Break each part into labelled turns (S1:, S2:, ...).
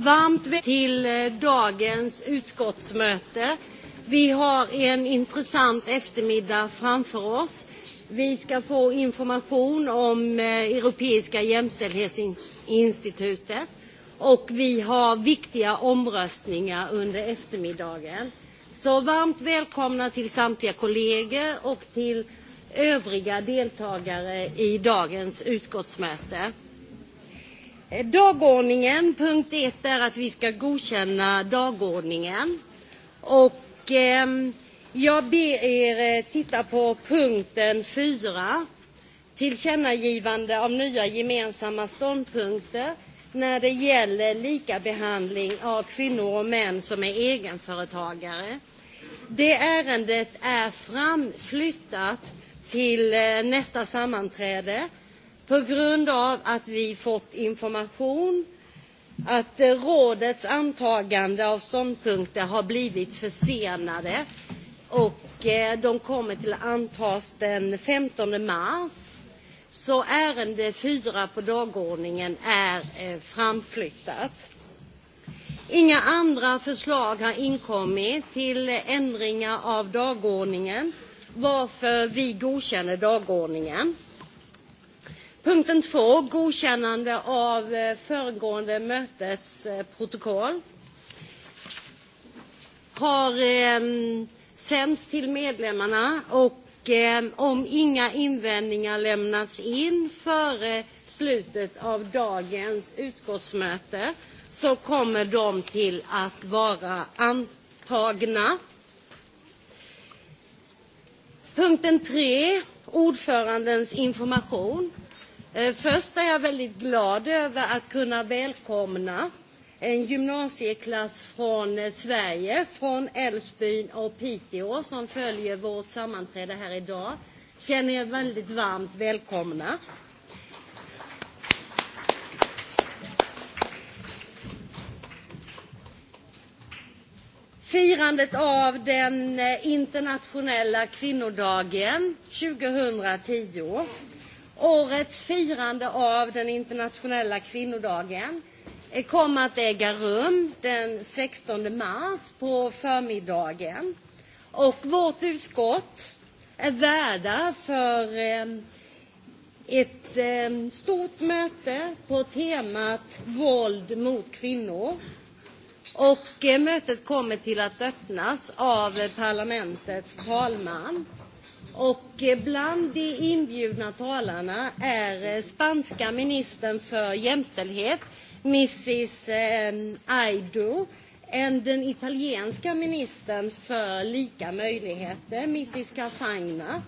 S1: Varmt till dagens utskottsmöte. Vi har en intressant eftermiddag framför oss. Vi ska få information om Europeiska jämställdhetsinstitutet och vi har viktiga omröstningar under eftermiddagen. Så varmt välkomna till samtliga kollegor och till övriga deltagare i dagens utskottsmöte. Dagordningen, punkt ett är att vi ska godkänna dagordningen. Och jag ber er titta på punkten 4. Tillkännagivande av nya gemensamma ståndpunkter när det gäller likabehandling av kvinnor och män som är egenföretagare. Det ärendet är framflyttat till nästa sammanträde på grund av att vi fått information att rådets antagande av ståndpunkter har blivit försenade och de kommer till att antas den 15 mars. Så ärende fyra på dagordningen är framflyttat. Inga andra förslag har inkommit till ändringar av dagordningen varför vi godkänner dagordningen. Punkten två, godkännande av föregående mötets protokoll har sänds till medlemmarna och om inga invändningar lämnas in före slutet av dagens utskottsmöte så kommer de till att vara antagna. Punkten 3, ordförandens information. Först är jag väldigt glad över att kunna välkomna en gymnasieklass från Sverige, från Älvsbyn och Piteå som följer vårt sammanträde här idag. Känner er väldigt varmt välkomna. Firandet av den internationella kvinnodagen 2010 Årets firande av den internationella kvinnodagen kommer att äga rum den 16 mars på förmiddagen. Och vårt utskott är värda för ett stort möte på temat våld mot kvinnor. Och mötet kommer till att öppnas av parlamentets talman Och bland de inbjudna talarna är spanska ministern för jämställdhet, Mrs. Aido, och den italienska ministern för lika möjligheter, Mrs. Cafagna,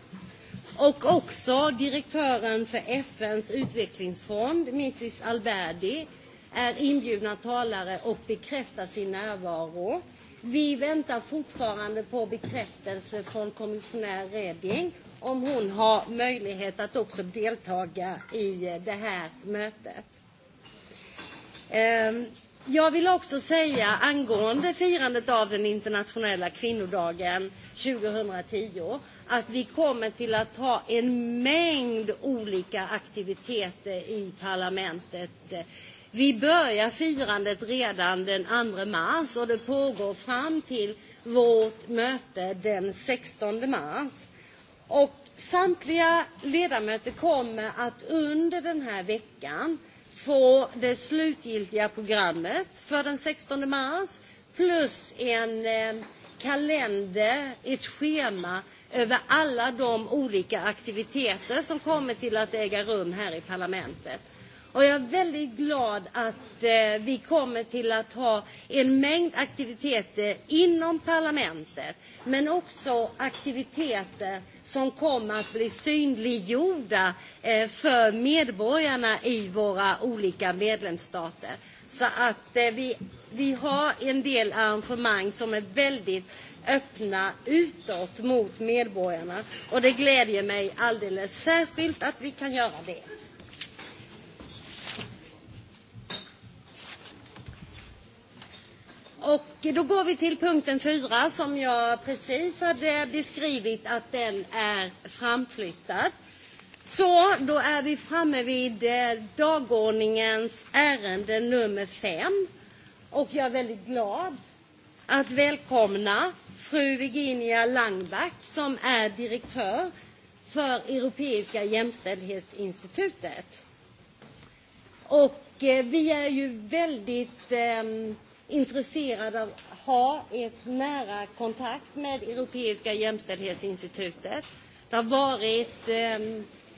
S1: och också direktören för FNs utvecklingsfond, Mrs. Alberdi, är inbjudna talare och bekräftar sin närvaro. Vi väntar fortfarande på bekräftelse från kommissionär Reding om hon har möjlighet att också deltaga i det här mötet. Jag vill också säga angående firandet av den internationella kvinnodagen 2010 att vi kommer till att ha en mängd olika aktiviteter i parlamentet. Vi börjar firandet redan den 2 mars och det pågår fram till vårt möte den 16 mars. Och samtliga ledamöter kommer att under den här veckan få det slutgiltiga programmet för den 16 mars plus en kalender, ett schema över alla de olika aktiviteter som kommer till att äga rum här i parlamentet. Och jag är väldigt glad att vi kommer till att ha en mängd aktiviteter inom parlamentet. Men också aktiviteter som kommer att bli synliggjorda för medborgarna i våra olika medlemsstater. Så att vi har en del arrangemang som är väldigt öppna utåt mot medborgarna. Och det glädjer mig alldeles särskilt att vi kan göra det. Och då går vi till punkten fyra som jag precis hade beskrivit att den är framflyttad. Så då är vi framme vid dagordningens ärende nummer fem. Och jag är väldigt glad att välkomna fru Virginia Langback som är direktör för Europeiska jämställdhetsinstitutet. Och vi är ju väldigt intresserade av att ha ett nära kontakt med Europeiska jämställdhetsinstitutet. Det har varit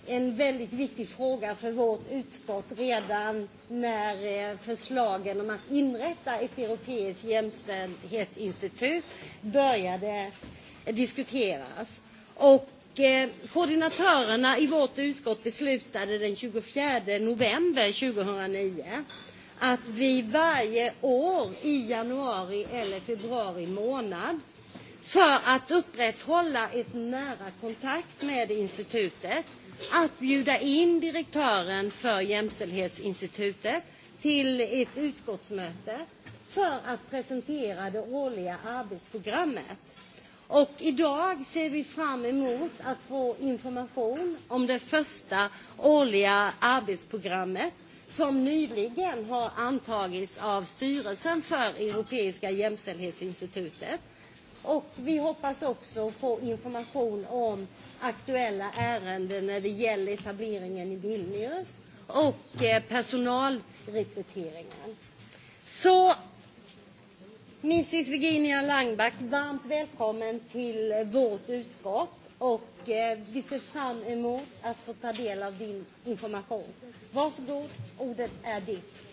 S1: en väldigt viktig fråga för vårt utskott redan när förslagen om att inrätta ett europeiskt jämställdhetsinstitut började diskuteras. Koordinatörerna i vårt utskott beslutade den 24 november 2009 att vi varje år i januari eller februari månad för att upprätthålla ett nära kontakt med institutet att bjuda in direktören för Jämställdhetsinstitutet till ett utskottsmöte för att presentera det årliga arbetsprogrammet. Och idag ser vi fram emot att få information om det första årliga arbetsprogrammet som nyligen har antagits av styrelsen för Europeiska jämställdhetsinstitutet. Och vi hoppas också få information om aktuella ärenden när det gäller etableringen i Vilnius och personalrekryteringen. Så Mrs. Virginia Langback, varmt välkommen till vårt utskott och vi ser fram emot att få ta del av din information. Varsågod, ordet är ditt.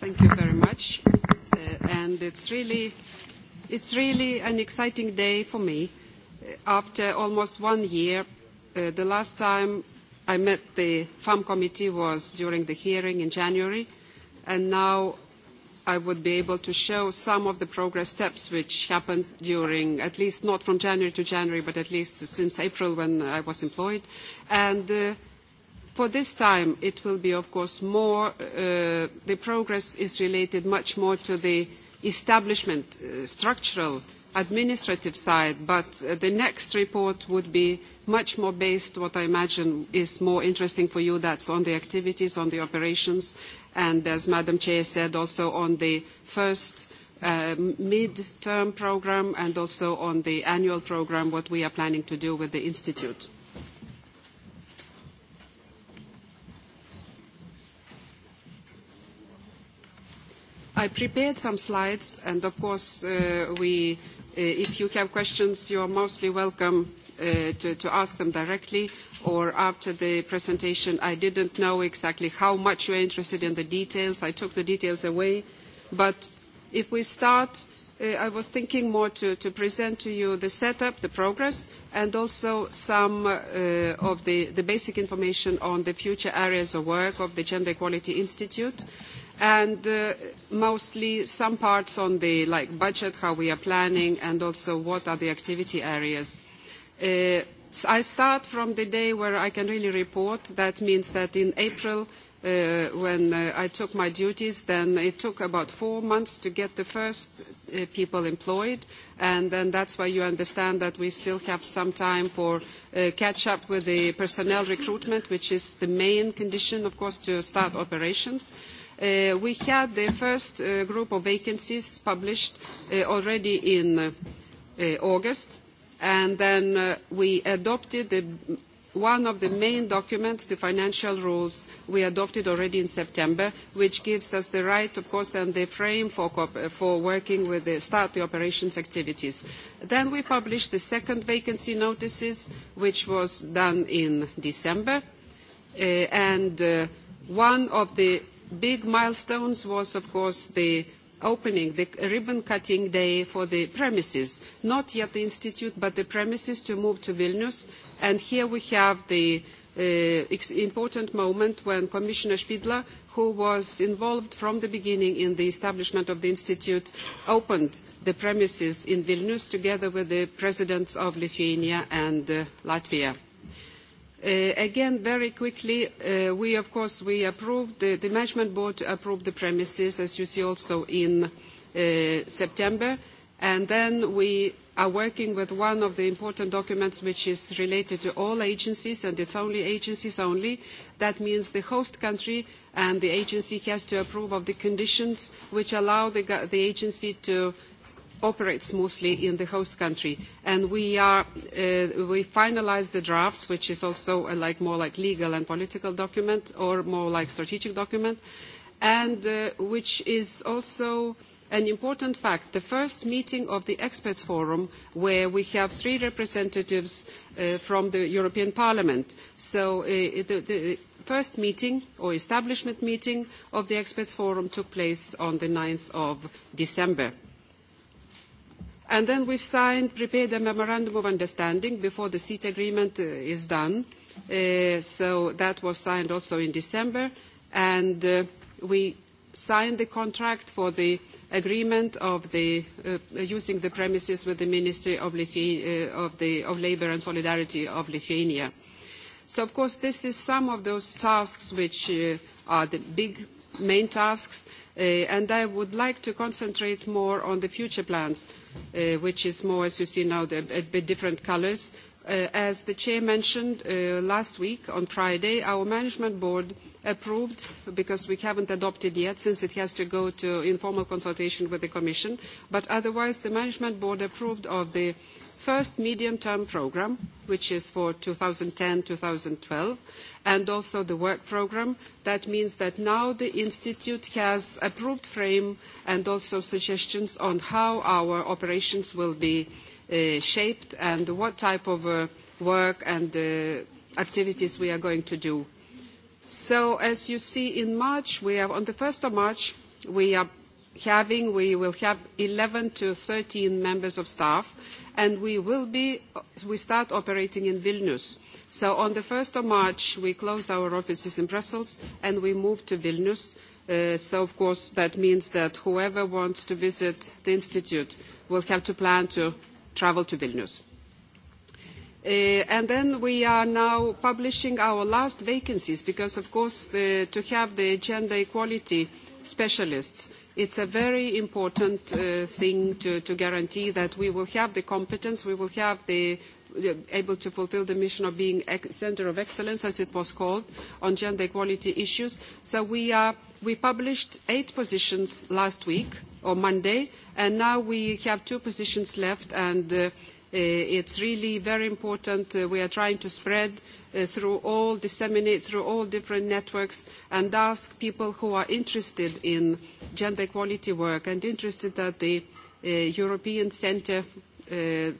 S2: Thank you very much. And it's really, it's really an exciting day for me. After almost one year, the last time I met the Farm Committee was during the hearing in January, and now I would be able to show some of the progress steps which happened during, at least not from January to January, but at least since April when I was employed. And for this time, it will be, of course, more, the progress is related much more to the establishment, structural administrative side, but the next report would be much more based, what I imagine is more interesting for you, that's on the activities, on the operations, and as Madam Chair said, also on the first mid-term programme and also on the annual programme, what we are planning to do with the Institute. I prepared some slides, and of course we If you have questions, you are mostly welcome to ask them directly or after the presentation. I didn't know exactly how much you are interested in the details. I took the details away. But if we start, I was thinking more to present to you the setup, the progress, and also some of the basic information on the future areas of work of the Gender Equality Institute and mostly some parts on the like budget, how we are planning, and also what are the activity areas. I start from the day where I can really report. That means that in April, when I took my duties, then it took about four months to get the first people employed, and then that's why you understand that we still have some time for catch up with the personnel recruitment, which is the main condition, of course, to start operations We had the first group of vacancies published already in August, and then we adopted one of the main documents, the financial rules, we adopted already in September, which gives us the right, of course, and the frame for working with the start the operations activities. Then we published the second vacancy notices, which was done in December, and one of the big milestones was, of course, the opening, the ribbon cutting day for the premises, not yet the institute, but the premises to move to Vilnius. And here we have the important moment when Commissioner Spidla, who was involved from the beginning in the establishment of the institute, opened the premises in Vilnius together with the presidents of Lithuania and Latvia. Again, very quickly, we of course we approved the management board approved the premises, as you see also in September, and then we are working with one of the important documents which is related to all agencies and it's only agencies only. That means the host country and the agency has to approve of the conditions which allow the agency to operates mostly in the host country. And we are we finalised the draft, which is also more like legal and political document or more like strategic document, and which is also an important fact. The first meeting of the Experts Forum, where we have three representatives from the European Parliament. So the first meeting or establishment meeting of the Experts Forum took place on the 9th of December. And then we signed, prepared a memorandum of understanding before the seat agreement is done. So that was signed also in December. And we signed the contract for the agreement of the using the premises with the Ministry of Labour and Solidarity of Lithuania. So, of course, this is some of those tasks which are the big main tasks and I would like to concentrate more on the future plans, which is more, as you see now, a bit different colours. As the Chair mentioned last week on Friday, our Management Board approved, because we haven't adopted yet since it has to go to informal consultation with the Commission, but otherwise the Management Board approved of the first medium-term programme, which is for 2010-2012, and also the work programme. That means that now the Institute has approved frame and also suggestions on how our operations will be shaped and what type of work and activities we are going to do. So, as you see, in March, we on the 1st of March, we are having, we will have 11 to 13 members of staff and we will be we start operating in Vilnius. So on the 1st of March we close our offices in Brussels and we move to Vilnius. So of course that means that whoever wants to visit the institute will have to plan to travel to Vilnius. And then we are now publishing our last vacancies because of course to have the gender equality specialists It is a very important thing to guarantee that we will have the competence, we will have the able to fulfil the mission of being a centre of excellence, as it was called, on gender equality issues. So we published eight positions last week, or Monday, and now we have two positions left, and it's really very important. We are trying to spread through all disseminate through all different networks and ask people who are interested in gender equality work and interested that the European Centre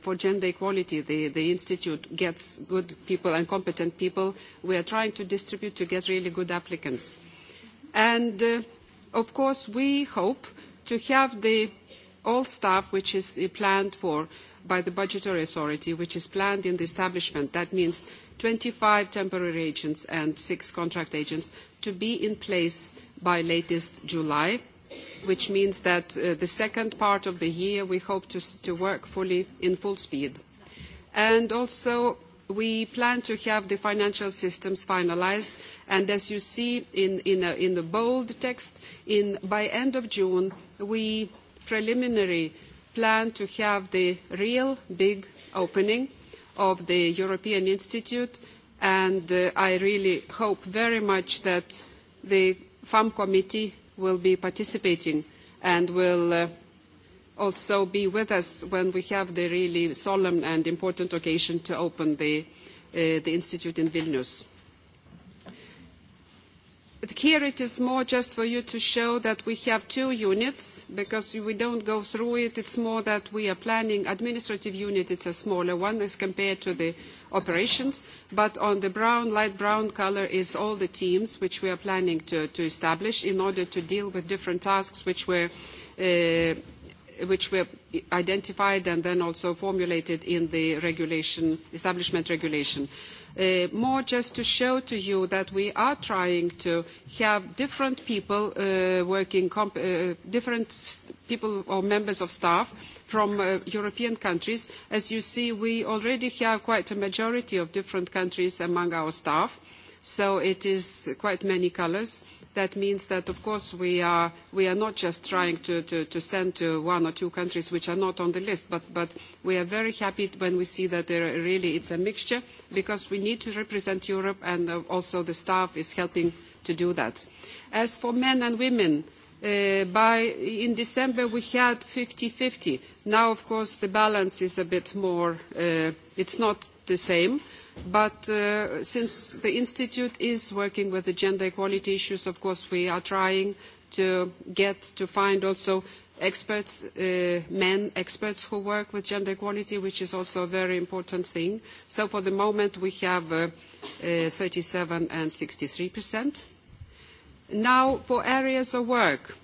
S2: for Gender Equality, the institute, gets good people and competent people. We are trying to distribute to get really good applicants. And, of course, we hope to have the all staff which is planned for by the budgetary authority, which is planned in the establishment. That means 25 temporary agents and six contract agents to be in place by latest July, which means that the second part of the year we hope to work fully in full speed. And also we plan to have the financial systems finalised and as you see in the bold text, by end of June we preliminary plan to have the real big opening of the European Institute, and I really hope very much that the FAM committee will be participating and will also be with us when we have the really solemn and important occasion to open the Institute in Vilnius. Here it is more just for you to show that we have two units, because we don't go through it. It's more that we are planning administrative unit. It's a smaller one as compared to the operations. But on the brown, light brown colour is all the teams which we are planning to establish in order to deal with different tasks which were identified and then also formulated in the establishment regulation more just to show to you that we are trying to have different people working, different people or members of staff from European countries. As you see, we already have quite a majority of different countries among our staff, so it is quite many colours That means that, of course, we are not just trying to send to one or two countries which are not on the list, but we are very happy when we see that there really it's a mixture, because we need to represent Europe, and also the staff is helping to do that. As for men and women, in December we had 50-50. Now, of course, the balance is a bit more, it's not the same But since the Institute is working with the gender equality issues, of course, we are trying to get to find also experts, men experts who work with gender equality, which is also a very important thing. So for the moment, we have 37 and 63%. Now, for areas of work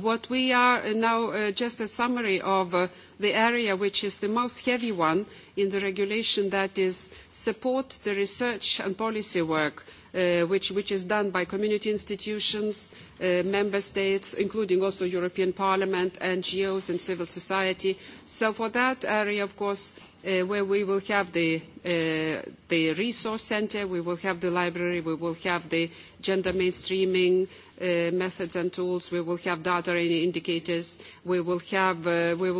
S2: What we are now, just a summary of the area which is the most heavy one in the regulation, that is support the research and policy work which is done by community institutions, member states, including also European Parliament, NGOs and civil society. So for that area, of course, where we will have the resource center, we will have the library, we will have the gender mainstreaming methods and tools, we will have data and indicators, we will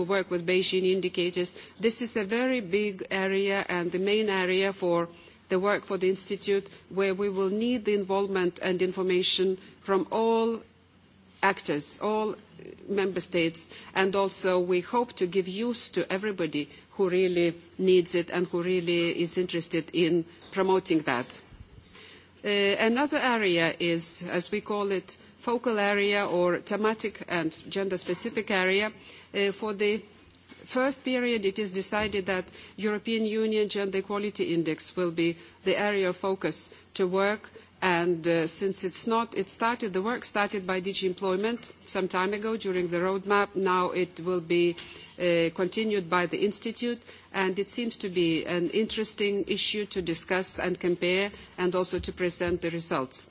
S2: work with Beijing indicators. This is a very big area and the main area for the work for the Institute where we will need the involvement and information from all actors, all member states and also we hope to give use to everybody who really needs it and who really is interested in promoting that. Another area is, as we call it, focal area or thematic and gender-specific area. For the first period, it is decided that European Union Gender Equality Index will be the area of focus to work And since it's not, it started, the work started by DG Employment some time ago during the roadmap. Now it will be continued by the Institute, and it seems to be an interesting issue to discuss and compare, and also to present the results.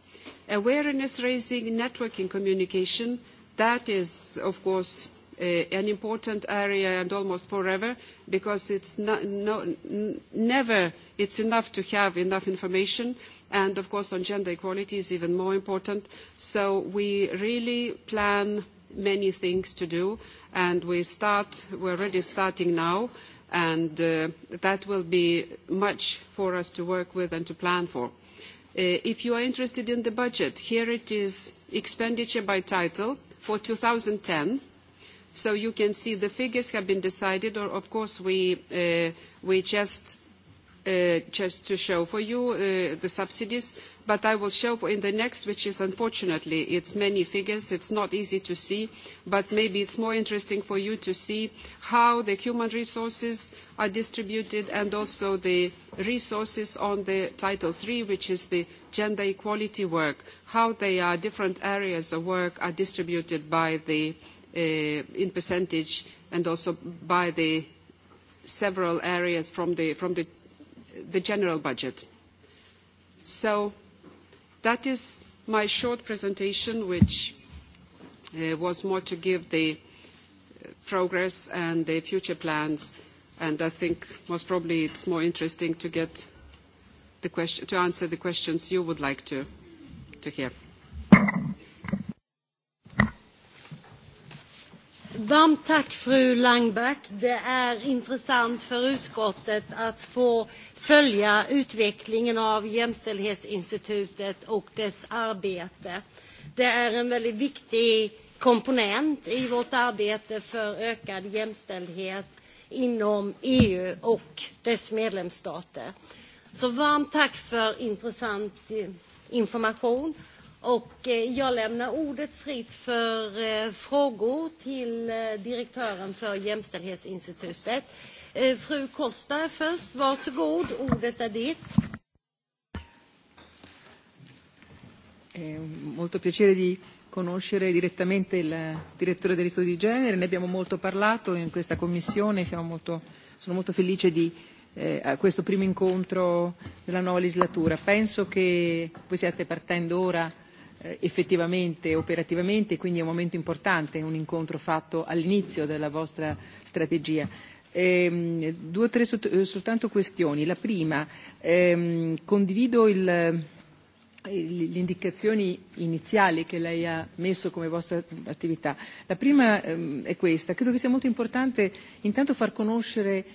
S2: Awareness raising, networking communication, that is, of course, an important area and almost forever, because it's never, it's enough to have enough information and of course on gender equality is even more important. So we really plan many things to do and we start, we're already starting now and that will be much for us to work with and to plan for. If you are interested in the budget, here it is expenditure by title for 2010. So you can see the figures have been decided. or Of course, we just just to show for you the subsidies, but I will show in the next, which is unfortunately, it's many figures, it's not easy to see, but maybe it's more interesting for you to see how the human resources are distributed and also the resources on the Title III, which is the gender equality work, how they are, different areas of work are distributed by the, in percentage and also by the several areas from the the general budget. So that is my short presentation, which was more to give the progress and the future plans, and I think most probably it's more interesting to answer the questions you would like to hear.
S1: Varmt tack fru Langback. Det är intressant för utskottet att få följa utvecklingen av Jämställdhetsinstitutet och dess arbete. Det är en väldigt viktig komponent i vårt arbete för ökad jämställdhet inom EU och dess medlemsstater. Så varmt tack för intressant information. Och jag lämnar ordet fritt för frågor till direktören för Jämställdhetsinstitutet. Fru Costa först. Varsågod, ordet är ditt.
S3: È molto piacere di conoscere direttamente il direttore degli studi di genere, ne abbiamo molto parlato in questa commissione, siamo molto, sono molto felice di a questo primo incontro della nuova legislatura. Penso che voi stiate partendo ora effettivamente, operativamente, quindi è un momento importante, un incontro fatto all'inizio della vostra strategia. Due o tre soltanto questioni. La prima, condivido il le indicazioni iniziali che lei ha messo come vostra attività. La prima è questa. Credo che sia molto importante intanto far conoscere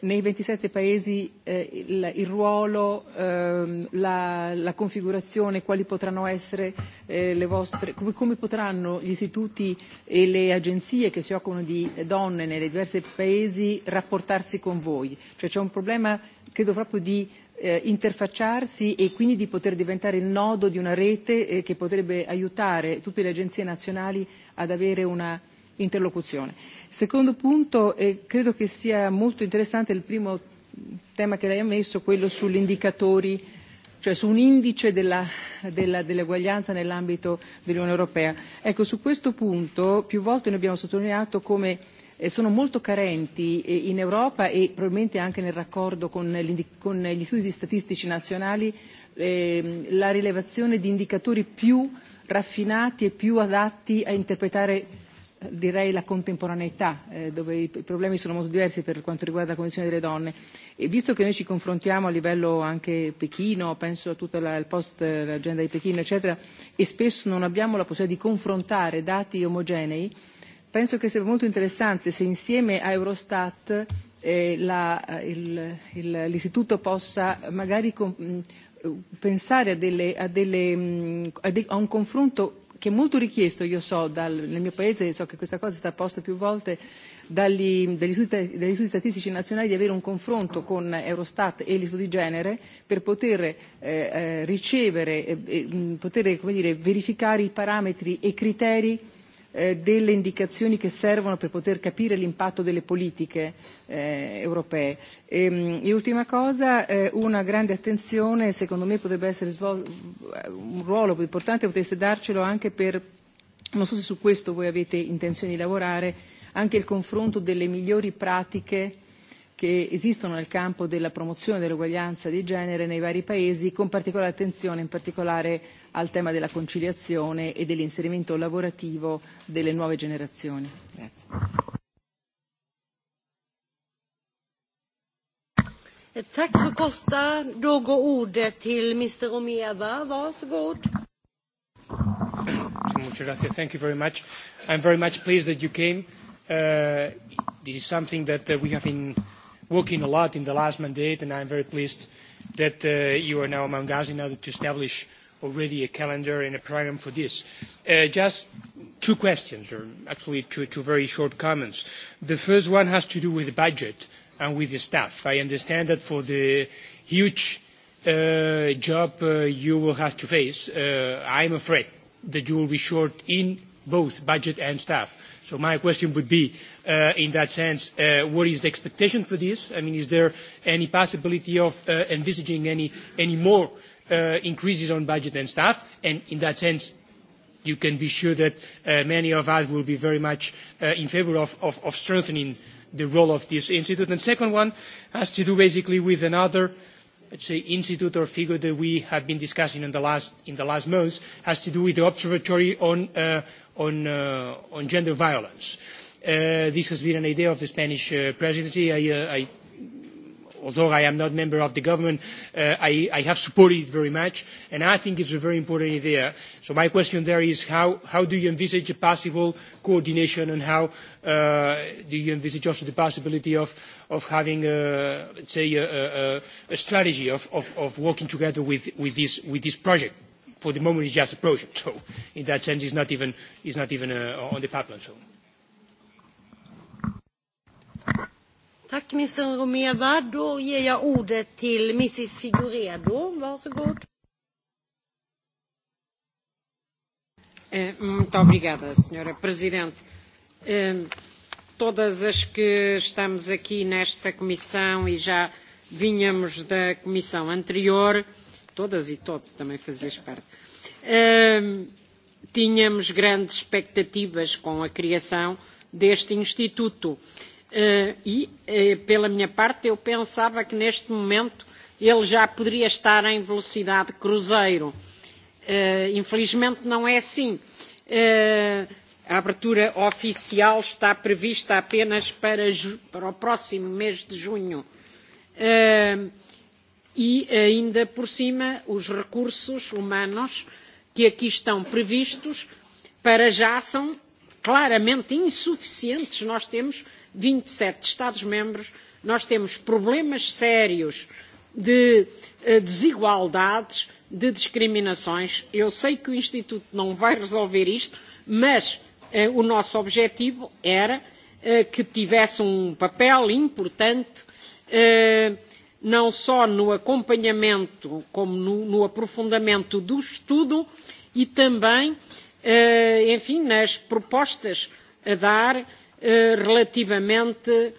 S3: nei 27 Paesi il ruolo, la configurazione, quali potranno essere le vostre, come potranno gli istituti e le agenzie che si occupano di donne nei diversi Paesi rapportarsi con voi. Cioè c'è un problema, credo, proprio di interfacciarsi e quindi di poter diventare il nodo di una rete che potrebbe aiutare tutte le agenzie nazionali ad avere una interlocuzione. Secondo punto, e credo che sia molto interessante il primo tema che lei ha messo, quello sugli indicatori, cioè su un indice dell'eguaglianza nell'ambito dell'Unione Europea. Ecco, su questo punto più volte noi abbiamo sottolineato come sono molto carenti in Europa e probabilmente anche nel raccordo con gli istituti statistici nazionali la rilevazione di indicatori più raffinati e più adatti a interpretare direi la contemporaneità dove i problemi sono molto diversi per quanto riguarda la condizione delle donne e visto che noi ci confrontiamo a livello anche Pechino penso a tutto il post l'agenda di Pechino eccetera e spesso non abbiamo la possibilità di confrontare dati omogenei penso che sarebbe molto interessante se insieme a Eurostat l'istituto possa magari pensare a delle a un confronto che è molto richiesto, io so, nel mio paese so che questa cosa è stata posta più volte dagli studi statistici nazionali di avere un confronto con Eurostat e gli studi di genere per poter ricevere, poter come dire, verificare i parametri e i criteri delle indicazioni che servono per poter capire l'impatto delle politiche europee. E ultima cosa, una grande attenzione, secondo me potrebbe essere un ruolo importante, potreste darcelo anche per, non so se su questo voi avete intenzione di lavorare, anche il confronto delle migliori pratiche che esistono nel campo della promozione dell'uguaglianza di genere nei vari paesi, con particolare attenzione in particolare al tema della conciliazione e dell'inserimento lavorativo delle nuove generazioni
S4: working a lot in the last mandate, and I am very pleased that you are now among us in order to establish already a calendar and a program for this. Just two questions, or actually two very short comments. The first one has to do with the budget and with the staff. I understand that for the huge job you will have to face, I am afraid that you will be short in both budget and staff. So my question would be, in that sense, what is the expectation for this? I mean, is there any possibility of envisaging any more increases on budget and staff? And in that sense, you can be sure that many of us will be very much in favour of strengthening the role of this institute. And second one has to do basically with another institute or figure that we have been discussing in the last months has to do with the observatory on gender violence. This has been an idea of the Spanish presidency. I although I am not a member of the government, I have supported it very much, and I think it's a very important idea. So my question there is how do you envisage a possible coordination, and how do you envisage also the possibility of having, let's say, a strategy of working together with this project? For the moment, it's just a project, so in that sense, it's not even on the pipeline.
S5: Muito obrigada, Sra. Presidente. Todas as que estamos aqui nesta comissão e já vínhamos da comissão anterior, todas e todos também fazias parte, tínhamos grandes expectativas com a criação deste Instituto e, pela minha parte, eu pensava que neste momento ele já poderia estar em velocidade cruzeiro. Infelizmente não é assim. A abertura oficial está prevista apenas para o próximo mês de junho. E ainda por cima, os recursos humanos que aqui estão previstos para já são claramente insuficientes. Nós temos vinte sete estados membros nós temos problemas sérios de desigualdades de discriminações. eu sei que o instituto não vai resolver isto mas o nosso objetivo era que tivesse um papel importante não só no acompanhamento como no aprofundamento do estudo e também enfim nas propostas a dar relativamente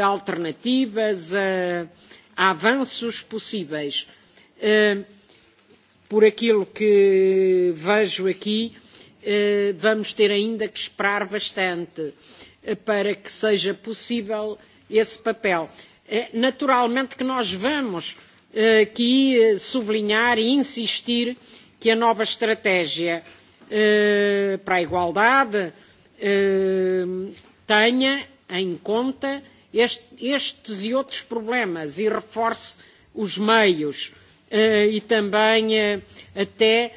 S5: a alternativas, a avanços possíveis. Por aquilo que vejo aqui, vamos ter ainda que esperar bastante para que seja possível esse papel. Naturalmente que nós vamos aqui sublinhar e insistir que a nova estratégia para a igualdade tenha em conta estes e outros problemas e reforce os meios e também até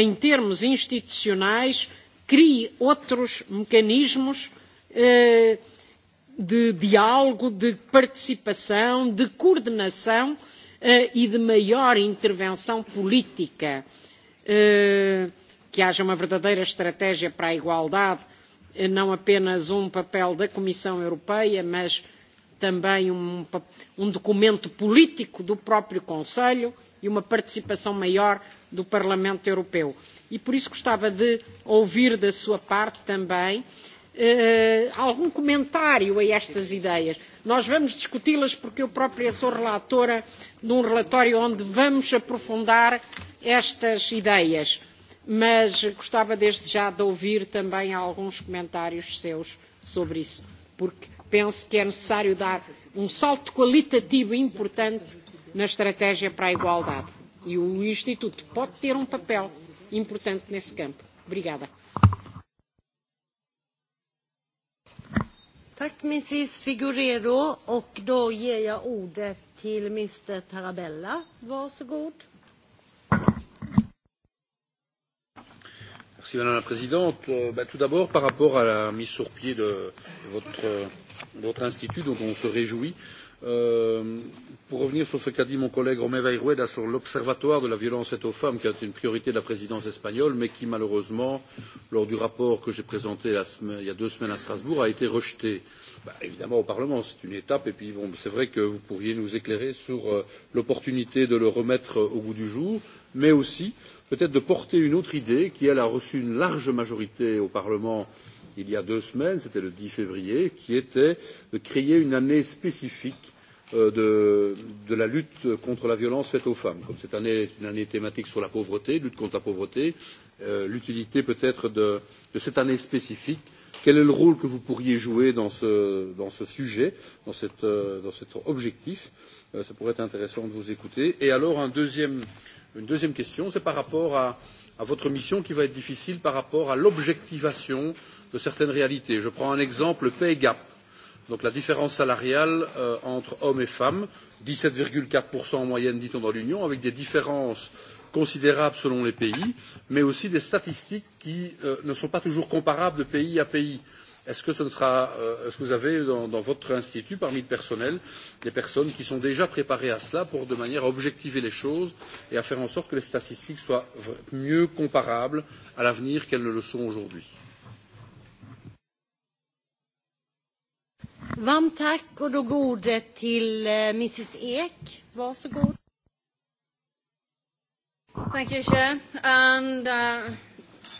S5: em termos institucionais crie outros mecanismos de diálogo, de participação, de coordenação e de maior intervenção política, que haja uma verdadeira estratégia para a igualdade não apenas um papel da Comissão Europeia, mas também um documento político do próprio Conselho e uma participação maior do Parlamento Europeu. E por isso gostava de ouvir da sua parte também algum comentário a estas ideias. Nós vamos discuti-las porque eu própria sou relatora de um relatório onde vamos aprofundar estas ideias mas gostava desde já de ouvir também alguns comentários seus sobre isso, porque penso que é necessário dar um salto qualitativo importante na estratégia para a igualdade. E o Instituto pode ter um papel importante nesse campo. Obrigada.
S6: Madame la Présidente. Tout d'abord, par rapport à la mise sur pied de votre institut, dont on se réjouit, pour revenir sur ce qu'a dit mon collègue Romain Irueda sur l'Observatoire de la violence faite aux femmes, qui a une priorité de la présidence espagnole, mais qui, malheureusement, lors du rapport que j'ai présenté il y a deux semaines à Strasbourg, a été rejeté. Évidemment, au Parlement, c'est une étape, et puis c'est vrai que vous pourriez nous éclairer sur l'opportunité de le remettre au goût du jour, mais aussi peut-être de porter une autre idée qui, elle, a reçu une large majorité au Parlement il y a deux semaines, c'était le 10 février, qui était de créer une année spécifique de la lutte contre la violence faite aux femmes. Comme cette année est une année thématique sur la pauvreté, lutte contre la pauvreté, l'utilité peut-être de cette année spécifique, quel est le rôle que vous pourriez jouer dans ce sujet, dans cet objectif Ça pourrait être intéressant de vous écouter. Et alors, un deuxième Une deuxième question, c'est par rapport à votre mission qui va être difficile par rapport à l'objectivation de certaines réalités. Je prends un exemple, le pay gap, donc la différence salariale entre hommes et femmes, dix 17,4% en moyenne, dit-on, dans l'Union, avec des différences considérables selon les pays, mais aussi des statistiques qui ne sont pas toujours comparables de pays à pays. Est-ce que que vous avez dans, votre institut, parmi le personnel, des personnes qui sont déjà préparées à cela pour de manière à objectiver les choses et à faire en sorte que les statistiques soient mieux comparables à l'avenir qu'elles ne le sont aujourd'hui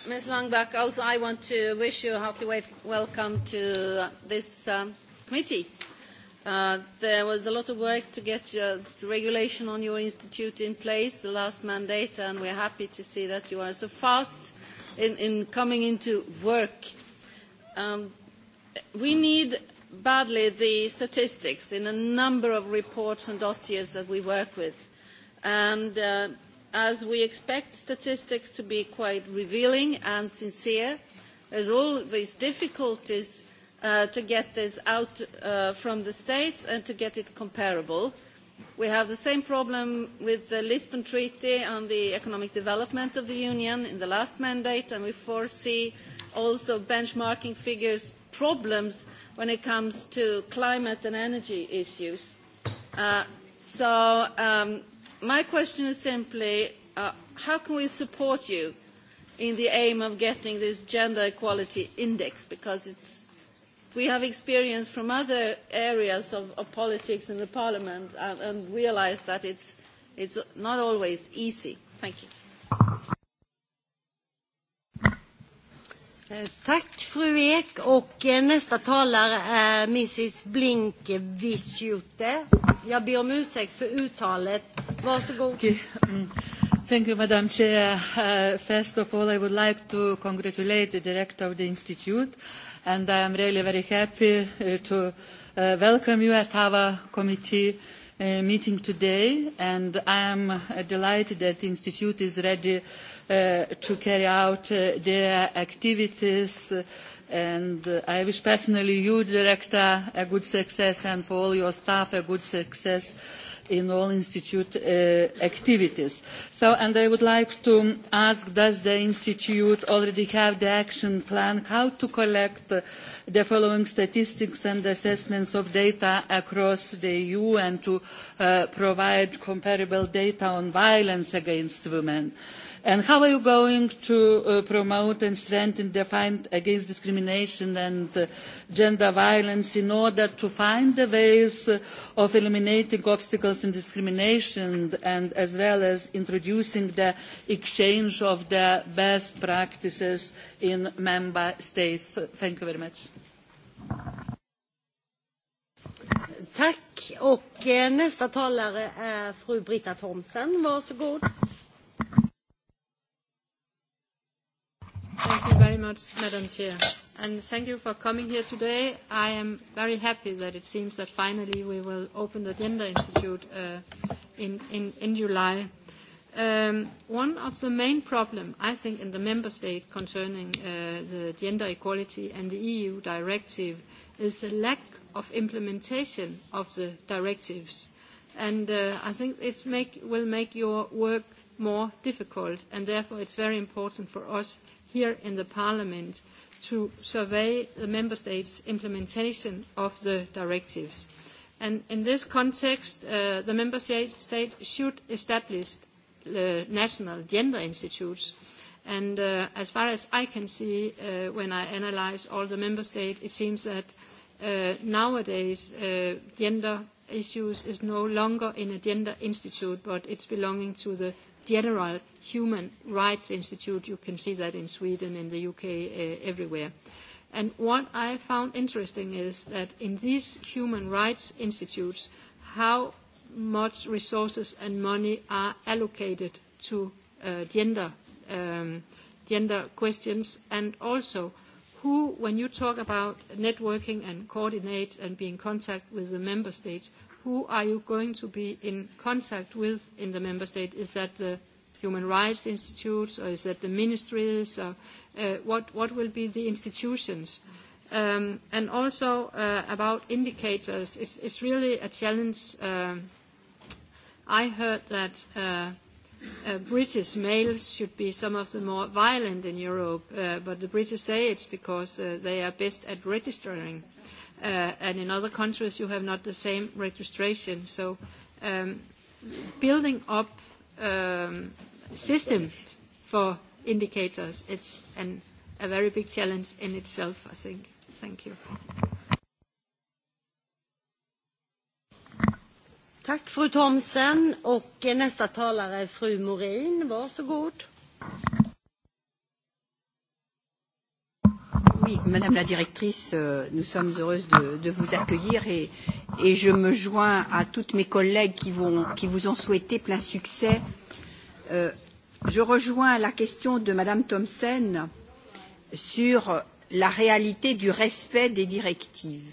S7: Ms. Langbach, also I want to wish you a hearty welcome to this committee. There was a lot of work to get the regulation on your institute in place the last mandate, and we are happy to see that you are so fast in coming into work. We need badly the statistics in a number of reports and dossiers that we work with, and as we expect statistics to be quite revealing and sincere. There's always difficulties to get this out from the states and to get it comparable. We have the same problem with the Lisbon Treaty on the economic development of the Union in the last mandate, and we foresee also benchmarking figures problems when it comes to climate and energy issues. So My question is simply, how can we support you in the aim of getting this gender equality index? Because we have experience from other areas of politics in the Parliament and realise that it's not always easy. Thank you.
S1: Tack fru Ek och nästa talare är Mrs. Blinkevichute. Jag ber om ursäkt för uttalet. Varsågod. Thank you, Madam Chair. First of all,
S8: I would like to congratulate the director of the Institute, and I am really very happy to welcome you at our committee meeting today and I am delighted that the Institute is ready to carry out their activities and I wish personally you, Director, a good success and for all your staff a good success in all institute activities. So, and I would like to ask, does the institute already have the action plan how to collect the following statistics and assessments of data across the EU and to provide comparable data on violence against women? And how are you going to promote and strengthen the fight against discrimination and gender violence in order to find the ways of eliminating obstacles and discrimination and as well as introducing the exchange of the best practices in member states? Thank you very much.
S1: Tack. Och nästa talare är fru Thomsen. Varsågod.
S9: Thank you very much, Madam Chair. And thank you for coming here today. I am very happy that it seems that finally we will open the Gender Institute in in in July. One of the main problems, I think, in the member state concerning the gender equality and the EU directive is the lack of implementation of the directives. And I think it will make your work more difficult, and therefore it's very important for us here in the Parliament to survey the Member States' implementation of the directives. And in this context, the Member State should establish national gender institutes. And as far as I can see, when I analyse all the Member States, it seems that nowadays gender issues is no longer in a gender institute, but it's belonging to the general human rights institute. You can see that in Sweden, in the UK, everywhere. And what I found interesting is that in these human rights institutes, how much resources and money are allocated to gender questions and also who, when you talk about networking and coordinate and be in contact with the member states, who are you going to be in contact with in the member state? Is that the human rights institutes or is that the ministries? Or, what, will be the institutions? and also about indicators, it's, it's really a challenge. I heard that British males should be some of the more violent in Europe, but the British say it's because they are best at registering and in other countries you have not the same registration. So building up a system for indicators, it's a very big challenge in itself, I think. Thank you.
S1: Tack fru Thomsen och nästa talare fru Morin. Varsågod.
S10: Madame la Directrice, nous sommes heureuses de vous accueillir et je me joins à toutes mes collègues qui vous ont souhaité plein succès. Je rejoins la question de Madame Thomsen sur la réalité du respect des directives.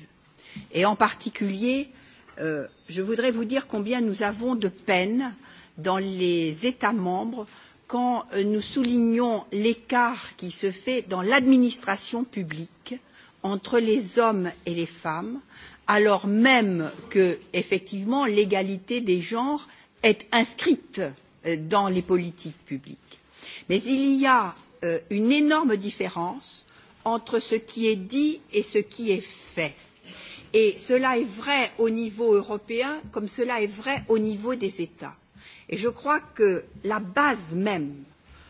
S10: Et en particulier, je voudrais vous dire combien nous avons de peine dans les États membres quand nous soulignons l'écart qui se fait dans l'administration publique entre les hommes et les femmes alors même que effectivement l'égalité des genres est inscrite dans les politiques publiques mais il y a une énorme différence entre ce qui est dit et ce qui est fait et cela est vrai au niveau européen comme cela est vrai au niveau des états et je crois que la base même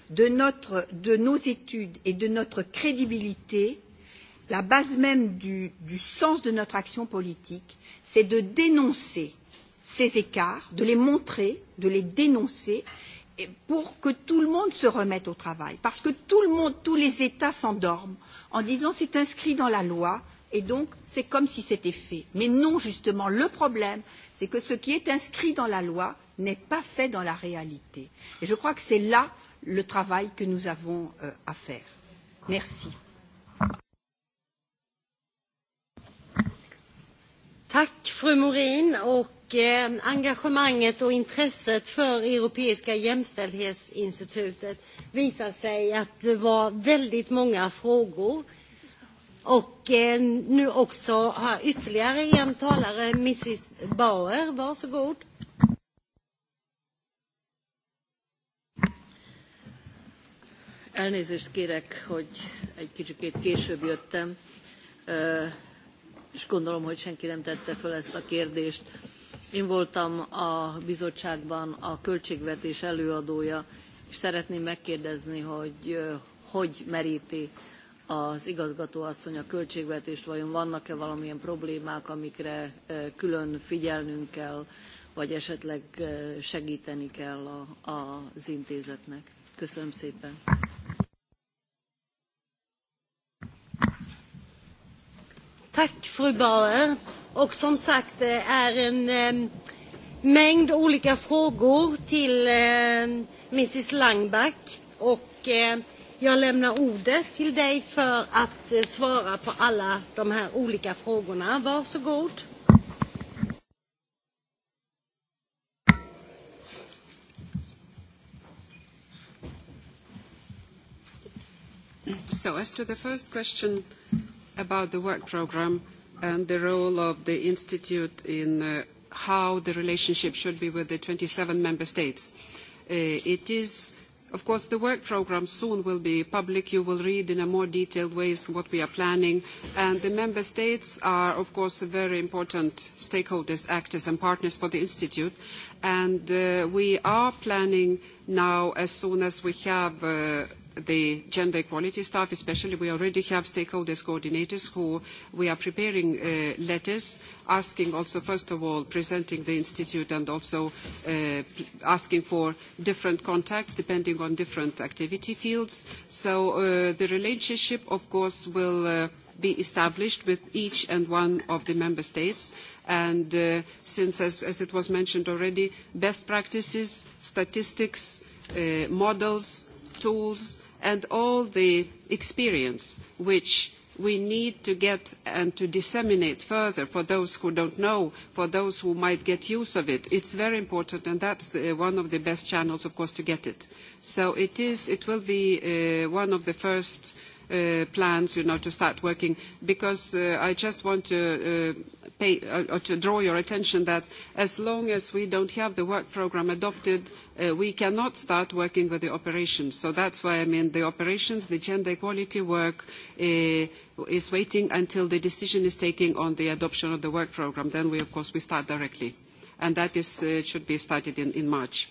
S10: de nos études et de notre crédibilité la base même du sens de notre action politique c'est de dénoncer ces écarts de les montrer de les dénoncer pour que tout le monde se remette au travail parce que tout le monde tous les états s'endorment en disant c'est inscrit dans la loi et donc c'est comme si c'était fait mais non justement le problème c'est que ce qui est inscrit dans la loi n'est pas fait dans la réalité. Et je crois que c'est là le travail que nous avons à faire. Merci.
S1: Tack fru Morin och engagemanget och intresset för Europeiska jämställdhetsinstitutet visar sig att det var väldigt många frågor Och nu också har ytterligare en talare, Mrs Bauer. Varsågod.
S11: Elnézést kérek, hogy egy kicsikét később jöttem, és gondolom, hogy senki nem tette fel ezt a kérdést. Én voltam a bizottságban a költségvetés előadója, és szeretném megkérdezni, hogy hogy meríti az igazgató asszony a költségvetést, vajon vannak-e valamilyen problémák, amikre külön figyelnünk kell, vagy esetleg segíteni kell az intézetnek. Köszönöm szépen.
S1: Tack fru Bauer. Och som sagt det är en mängd olika frågor till Mrs Langback och Jag lämnar ordet till dig för att svara på alla de här olika frågorna. Varsågod.
S2: So as to the first question about the work program and the role of the institute in how the relationship should be with the 27 member states, it is Of course, the work programme soon will be public. You will read in a more detailed way what we are planning. And the member states are, of course, very important stakeholders, actors and partners for the Institute. And we are planning now, as soon as we have the gender equality staff especially we already have stakeholders coordinators who we are preparing letters asking also first of all presenting the institute and also asking for different contacts depending on different activity fields so the relationship of course will be established with each and one of the member states and since as it was mentioned already best practices statistics models tools and all the experience which we need to get and to disseminate further for those who don't know, for those who might get use of it. It's very important, and that's one of the best channels, of course, to get it. So it will be one of the first plans to start working, because I just want to to draw your attention that as long as we don't have the work programme adopted, we cannot start working with the operations. So that's why I mean the operations, the gender equality work is waiting until the decision is taken on the adoption of the work programme. Then we, of course, we start directly, and that should be started in March.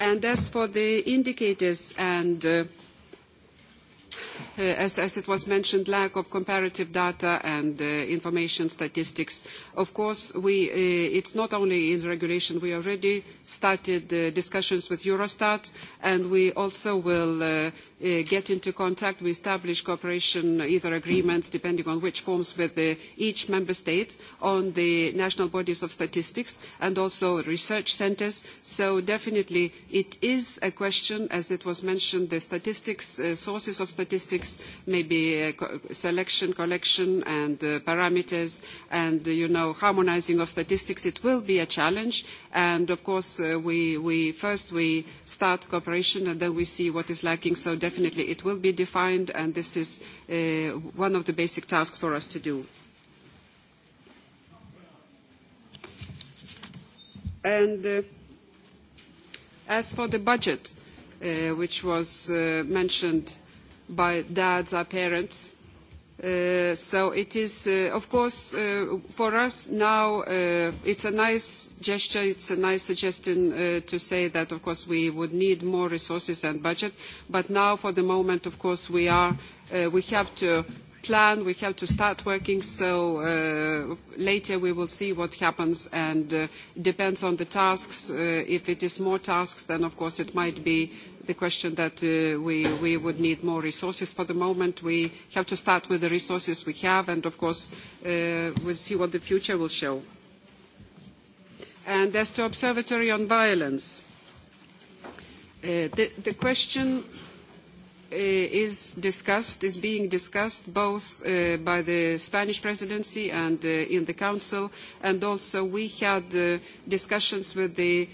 S2: And as for the indicators and as it was mentioned, lack of comparative data and information statistics. Of course, it's not only in regulation. We already started discussions with Eurostat, and we also will get into contact. We establish cooperation, either agreements, depending on which forms, with each member state on the national bodies of statistics and also research centres. So definitely it is a question, as it was mentioned, the statistics, sources of statistics, maybe selection, collection and parameters and, you know, harmonising of statistics. It will be a challenge and, of course, we first we start cooperation and then we see what is lacking. So definitely it will be defined, and this is one of the basic tasks for us to do. And as for the budget, which was mentioned by dads, our parents, So it is, of course, for us now, it's a nice gesture, it's a nice suggestion to say that, of course, we would need more resources and budget. But now, for the moment, of course, we are, we have to plan, we have to start working. So later we will see what happens and depends on the tasks. If it is more tasks, then of course it might be the question that we would need more resources. For the moment, we have to start with the resources we have, and of course, will see what the future will show. And as to Observatory on Violence, the question is discussed, is being discussed both by the Spanish presidency and in the Council, and also we had discussions with the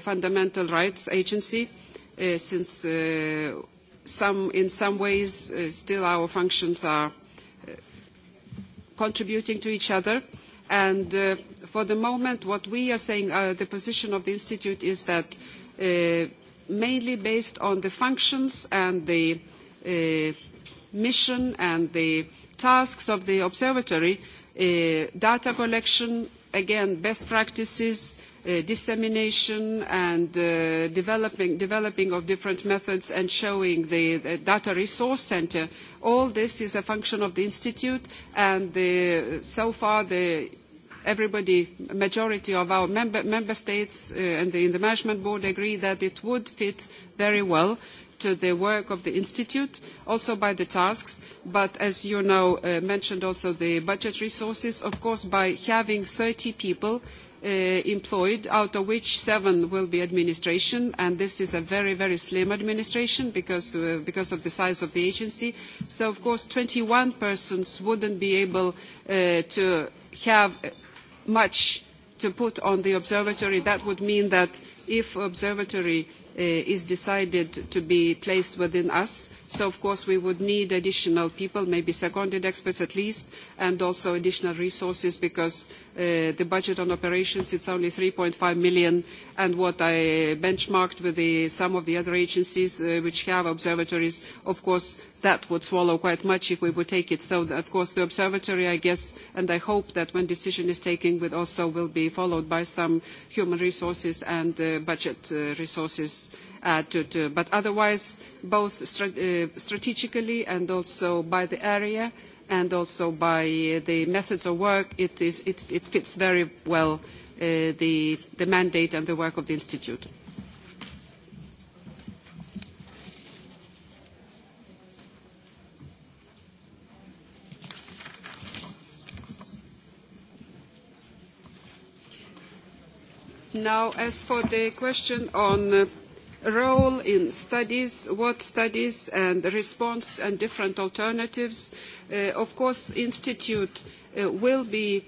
S2: Fundamental Rights Agency since in some ways still our functions are contributing to each other. And for the moment, what we are saying, the position of the Institute is that mainly based on the functions and the mission and the tasks of the observatory, data collection, again, best practices, dissemination and developing of different methods and showing the data resource centre. All this is a function of the institute and so far the everybody, majority of our member states and in the management board agree that it would fit very well to the work of the institute, also by the tasks, but as you now mentioned also the budget resources, of course by having 30 people employed, out of which seven will be administration, and this is a very, very slim administration because of the size of the agency. So, of course, 21 persons wouldn't be able to have much to put on the observatory. That would mean that if observatory is decided to be placed within us. So, of course, we would need additional people, maybe seconded experts at least, and also additional resources because the budget on operations it's only 3.5 million and what I benchmarked with some of the other agencies which have observatories, of course that would swallow quite much if we would take it. So of course the observatory I guess and I hope that when decision is taken it also will be followed by some human resources and budget resources added. But otherwise both strategically and also by the area and also by the methods of work, it fits very well the mandate and the work of the Institute. Now, as for the question on role in studies, what studies and response and different alternatives. Of course, Institute will be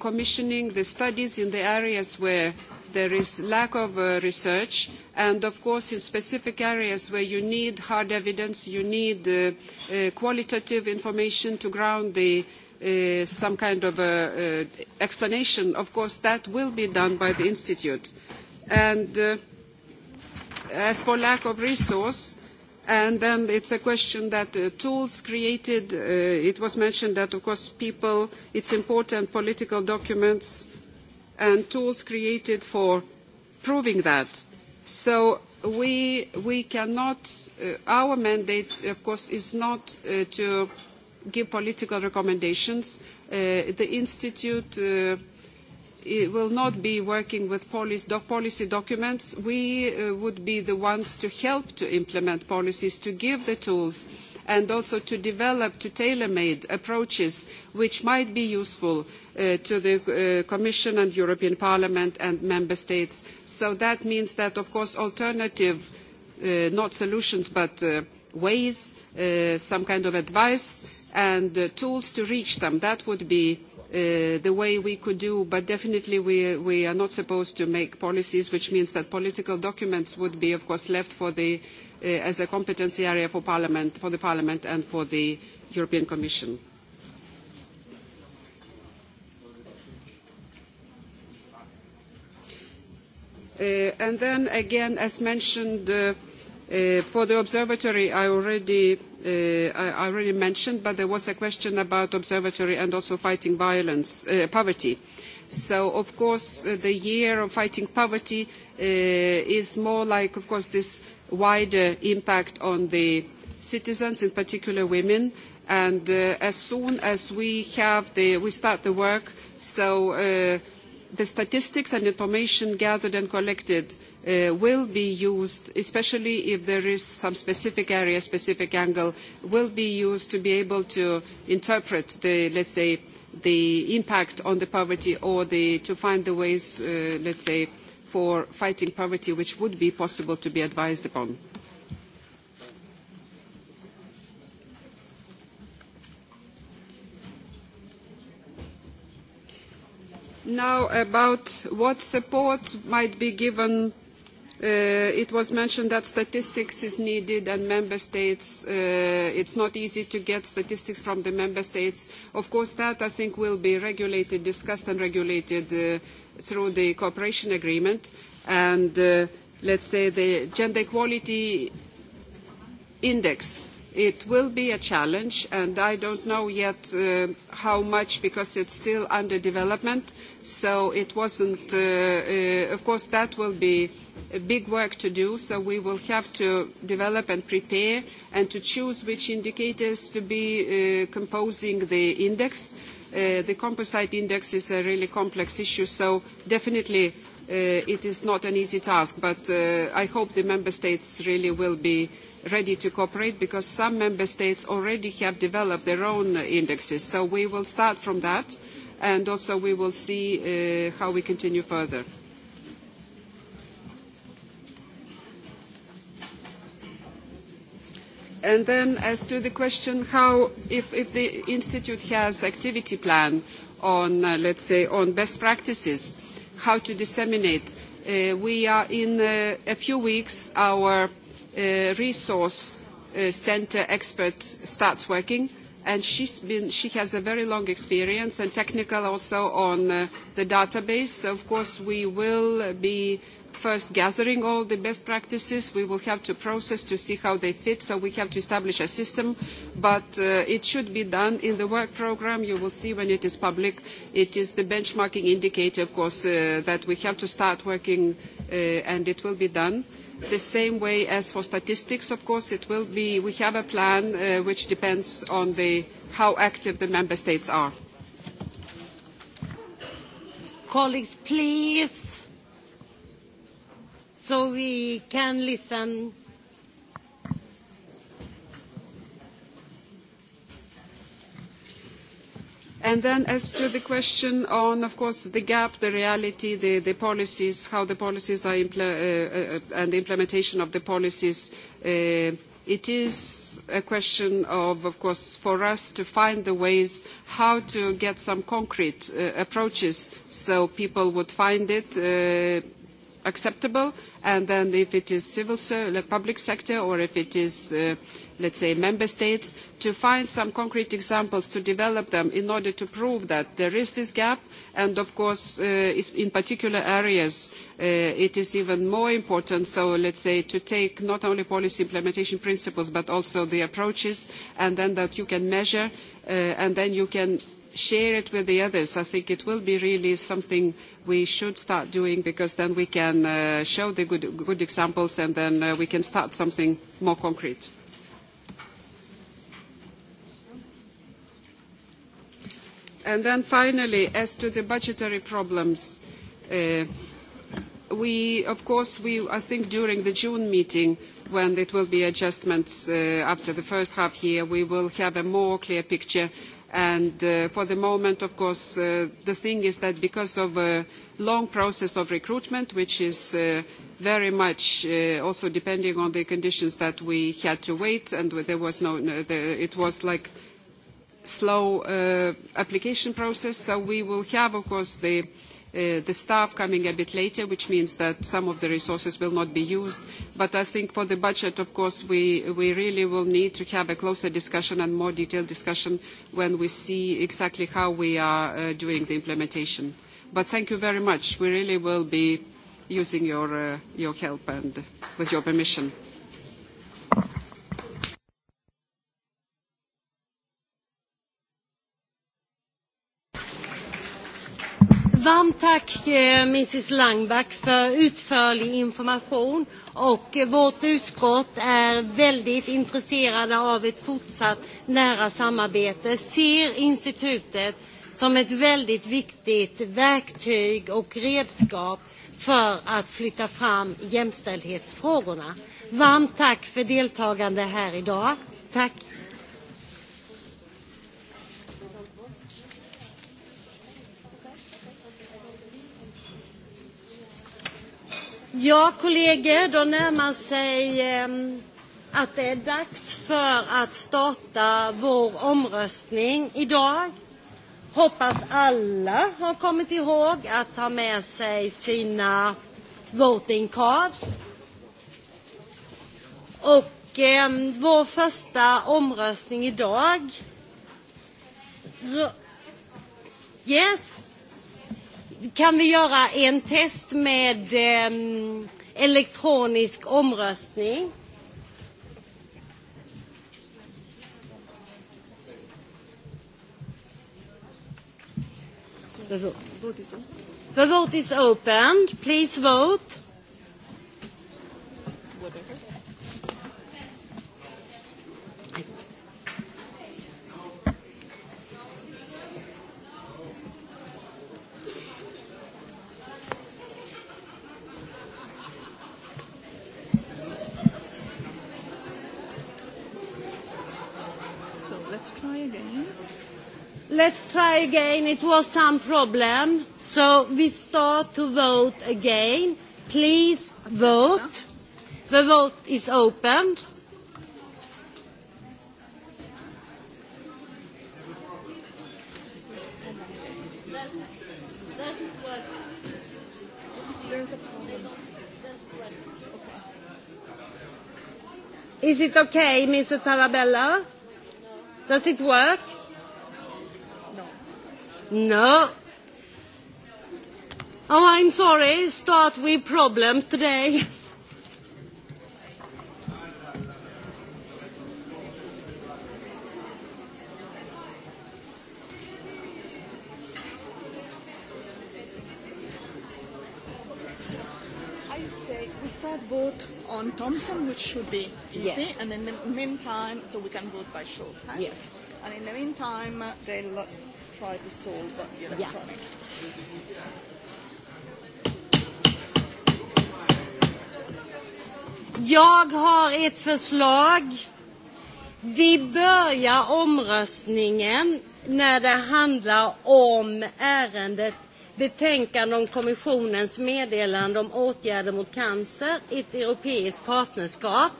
S2: commissioning the studies in the areas where there is lack of research and of course in specific areas where you need hard evidence you need qualitative information to ground some kind of explanation of course that will be done by the institute and As for lack of resource, and then it's a question that tools created, it was mentioned that, of course, people, it's important, political documents and tools created for proving that. So we cannot, our mandate, of course, is not to give political recommendations. The Institute will not be working with policy documents. We would be the ones to help to implement policies, to give the tools and also to develop, to tailor-made approaches which might be useful to the Commission and European Parliament and Member States. So that means that, of course, alternative, not solutions, but ways, some kind of advice and tools to reach them, that would be the way we could do, but definitely we are not supposed to make policies, which means that political documents would be, of course, left as a competency area for the Parliament and for the European Commission. And then, again, as mentioned For the observatory, I already mentioned, but there was a question about observatory and also fighting violence, poverty. So, of course, the year of fighting poverty is more like, of course, this wider impact on the citizens, in particular women. And as soon as we have we start the work. So, the statistics and information gathered and collected will be used, especially if there is some specific area, specific angle, will be used to be able to interpret the, let's say, the impact on the poverty or to find the ways, let's say, for fighting poverty which would be possible to be advised upon. Now about what support might be given It was mentioned that statistics is needed and member states, it's not easy to get statistics from the member states. Of course, that I think will be regulated, discussed and regulated through the cooperation agreement. And let's say the gender equality index It will be a challenge, and I don't know yet how much, because it's still under development. So it wasn't. Of course, that will be big work to do. So we will have to develop and prepare, and to choose which indicators to be composing the index. The composite index is a really complex issue. So definitely It is not an easy task, but I hope the member states really will be ready to cooperate because some member states already have developed their own indexes. So we will start from that and also we will see how we continue further. And then as to the question how, if the Institute has activity plan on, let's say, on best practices, how to disseminate. We are in a few weeks our resource centre expert starts working and she has a very long experience and technical also on the database. Of course we will be first gathering all the best practices. We will have to process to see how they fit, so we have to establish a system. But it should be done in the work programme. You will see when it is public. It is the benchmarking indicator, of course, that we have to start working, and it will be done. The same way as for statistics, of course, it will be. We have a plan which depends on how active the member states are. Colleagues, please so we can
S1: listen
S2: And then as to the question on, of course, the gap, the reality, the policies, how the policies are and the implementation of the policies, it is a question of, of course, for us to find the ways how to get some concrete approaches so people would find it acceptable and then if it is civil the public sector or if it is let's say member states to find some concrete examples to develop them in order to prove that there is this gap and of course in particular areas it is even more important so let's say to take not only policy implementation principles but also the approaches and then that you can measure and then you can share it with the others. I think it will be really something we should start doing because then we can show the good examples and then we can start something more concrete. And then finally, as to the budgetary problems, we, of course, we, I think during the June meeting, when it will be adjustments after the first half year, we will have a more clear picture and for the moment of course the thing is that because of a long process of recruitment which is very much also depending on the conditions that we had to wait and there was no it was like slow application process so we will have of course the the staff coming a bit later, which means that some of the resources will not be used. But I think for the budget, of course, we really will need to have a closer discussion and more detailed discussion when we see exactly how we are doing the implementation. But thank you very much. We really will be using your help and with your permission. Varmt
S1: tack Mrs Langback för utförlig information och vårt utskott är väldigt intresserade av ett fortsatt nära samarbete. Ser institutet som ett väldigt viktigt verktyg och redskap för att flytta fram jämställdhetsfrågorna. Varmt tack för deltagande här idag. Tack. Ja, kollegor, då närmar sig att det är dags för att starta vår omröstning idag. Hoppas alla har kommit ihåg att ta med sig sina voting cards. Och vår första omröstning idag. Yes, kan vi göra en test med elektronisk omröstning? The vote is open, Please vote. Let's try again. It was some problem. So we start to vote again. Please vote. The vote is opened. Is it okay, Mr. Tarabella? Does it work? No. Oh, I'm sorry. Start with problems today.
S10: start vote on Thompson, which should be easy, and in the meantime, so we can vote by show. Yes. And in the meantime, they'll the electronic.
S1: Jag har ett förslag. Vi börjar omröstningen när det handlar om ärendet betänkande om kommissionens meddelande om åtgärder mot cancer, ett europeiskt partnerskap.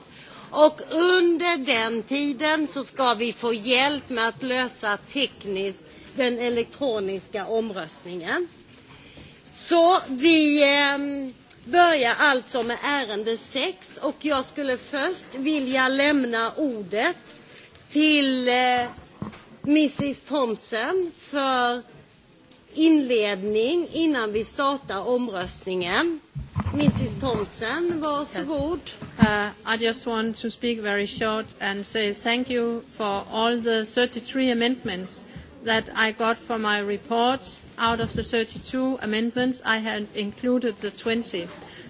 S1: Och under den tiden så ska vi få hjälp med att lösa tekniskt den elektroniska omröstningen. Så vi börjar alltså med ärende 6 och jag skulle först vilja lämna ordet till Mrs Thompson för inledning innan vi
S9: startar omröstningen. Mrs Thompson, varsågod. I just want to speak very short and say thank you for all the 33 amendments that I got for my report. Out of the 32 amendments, I have included the 20.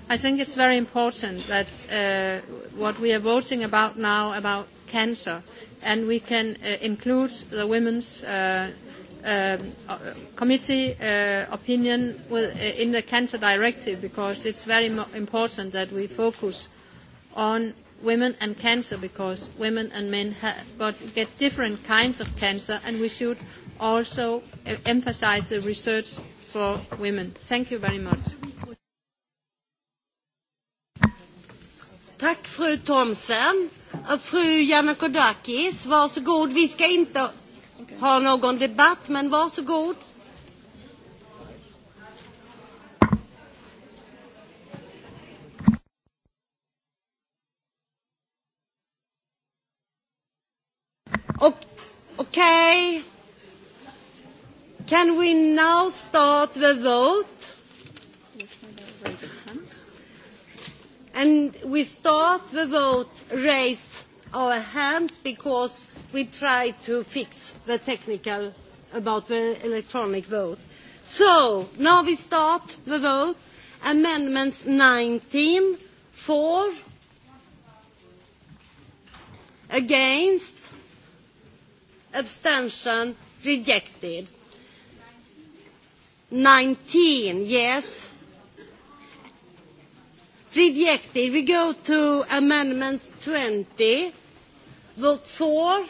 S9: I think it's very important that what we are voting about now about cancer, and we can include the women's committee opinion in the cancer directive because it's very important that we focus on women and cancer because women and men get different kinds of cancer and we should also emphasize the research for women. Thank you very much. Tack fru
S1: Thomsen. Fru Janakodakis, varsågod. Vi ska inte ha någon debatt, men varsågod. Okej. Can we now start the vote? And we start the vote, raise our hands, because we try to fix the technical about the electronic vote. So, now we start the vote. Amendments 19, 4, against, abstention, rejected. 19, yes. Rejected. We go to amendments 20. Vote for.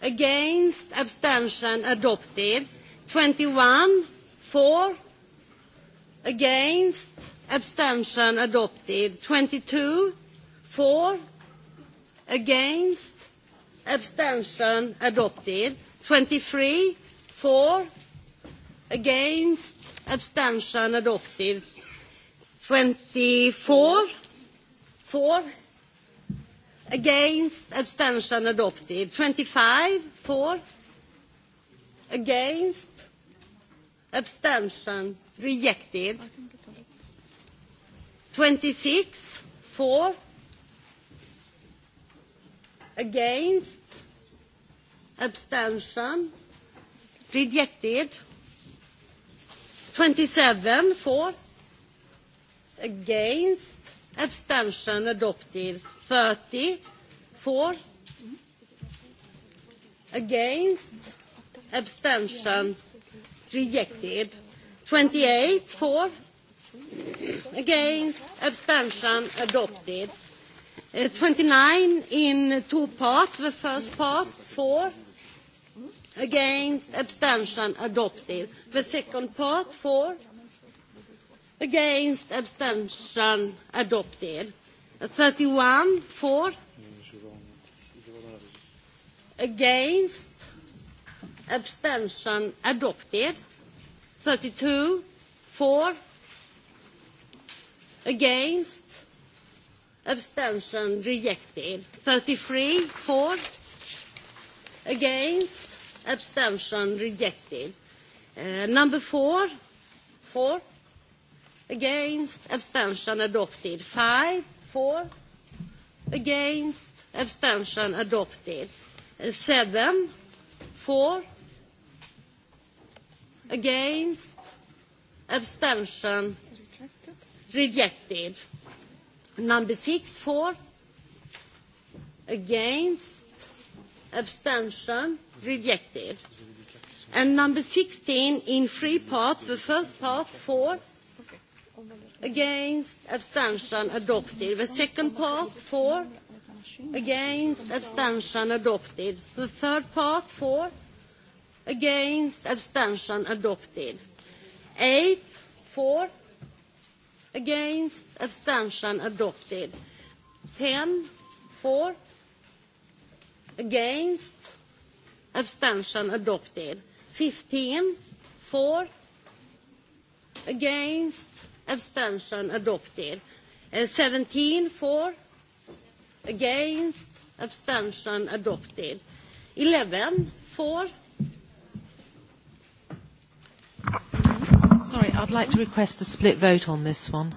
S1: Against. Abstention. Adopted. 21. For. Against. Abstention. Adopted. 22. For. Against. Abstention. Adopted. 23. For Against. Abstention. Adopted. 24. 4. Against. Abstention. Adopted. 25. 4. Against. Abstention. Rejected. 26. 4. Against. Abstention. Rejected. 27 for, against, abstention adopted. 30 for, against, abstention rejected. 28 for, against, abstention adopted. 29 in two parts. The first part for against abstention adopted the second part for against abstention adopted 31 for against abstention adopted 32 four. against abstention rejected 33 four. against abstention rejected. Number four, four, against, abstention adopted. Five, four, against, abstention adopted. Seven, four, against, abstention rejected. Number six, four, against, abstention rejected. And number 16 in three parts. The first part, for, against, abstention, adopted. The second part, for, against, abstention, adopted. The third part, for, against, abstention, adopted. Eight, four against, abstention, adopted. Ten, four against, abstention adopted 15 for against abstention adopted 17 for against abstention adopted 11 for
S2: sorry i'd like to
S1: request a split vote on this one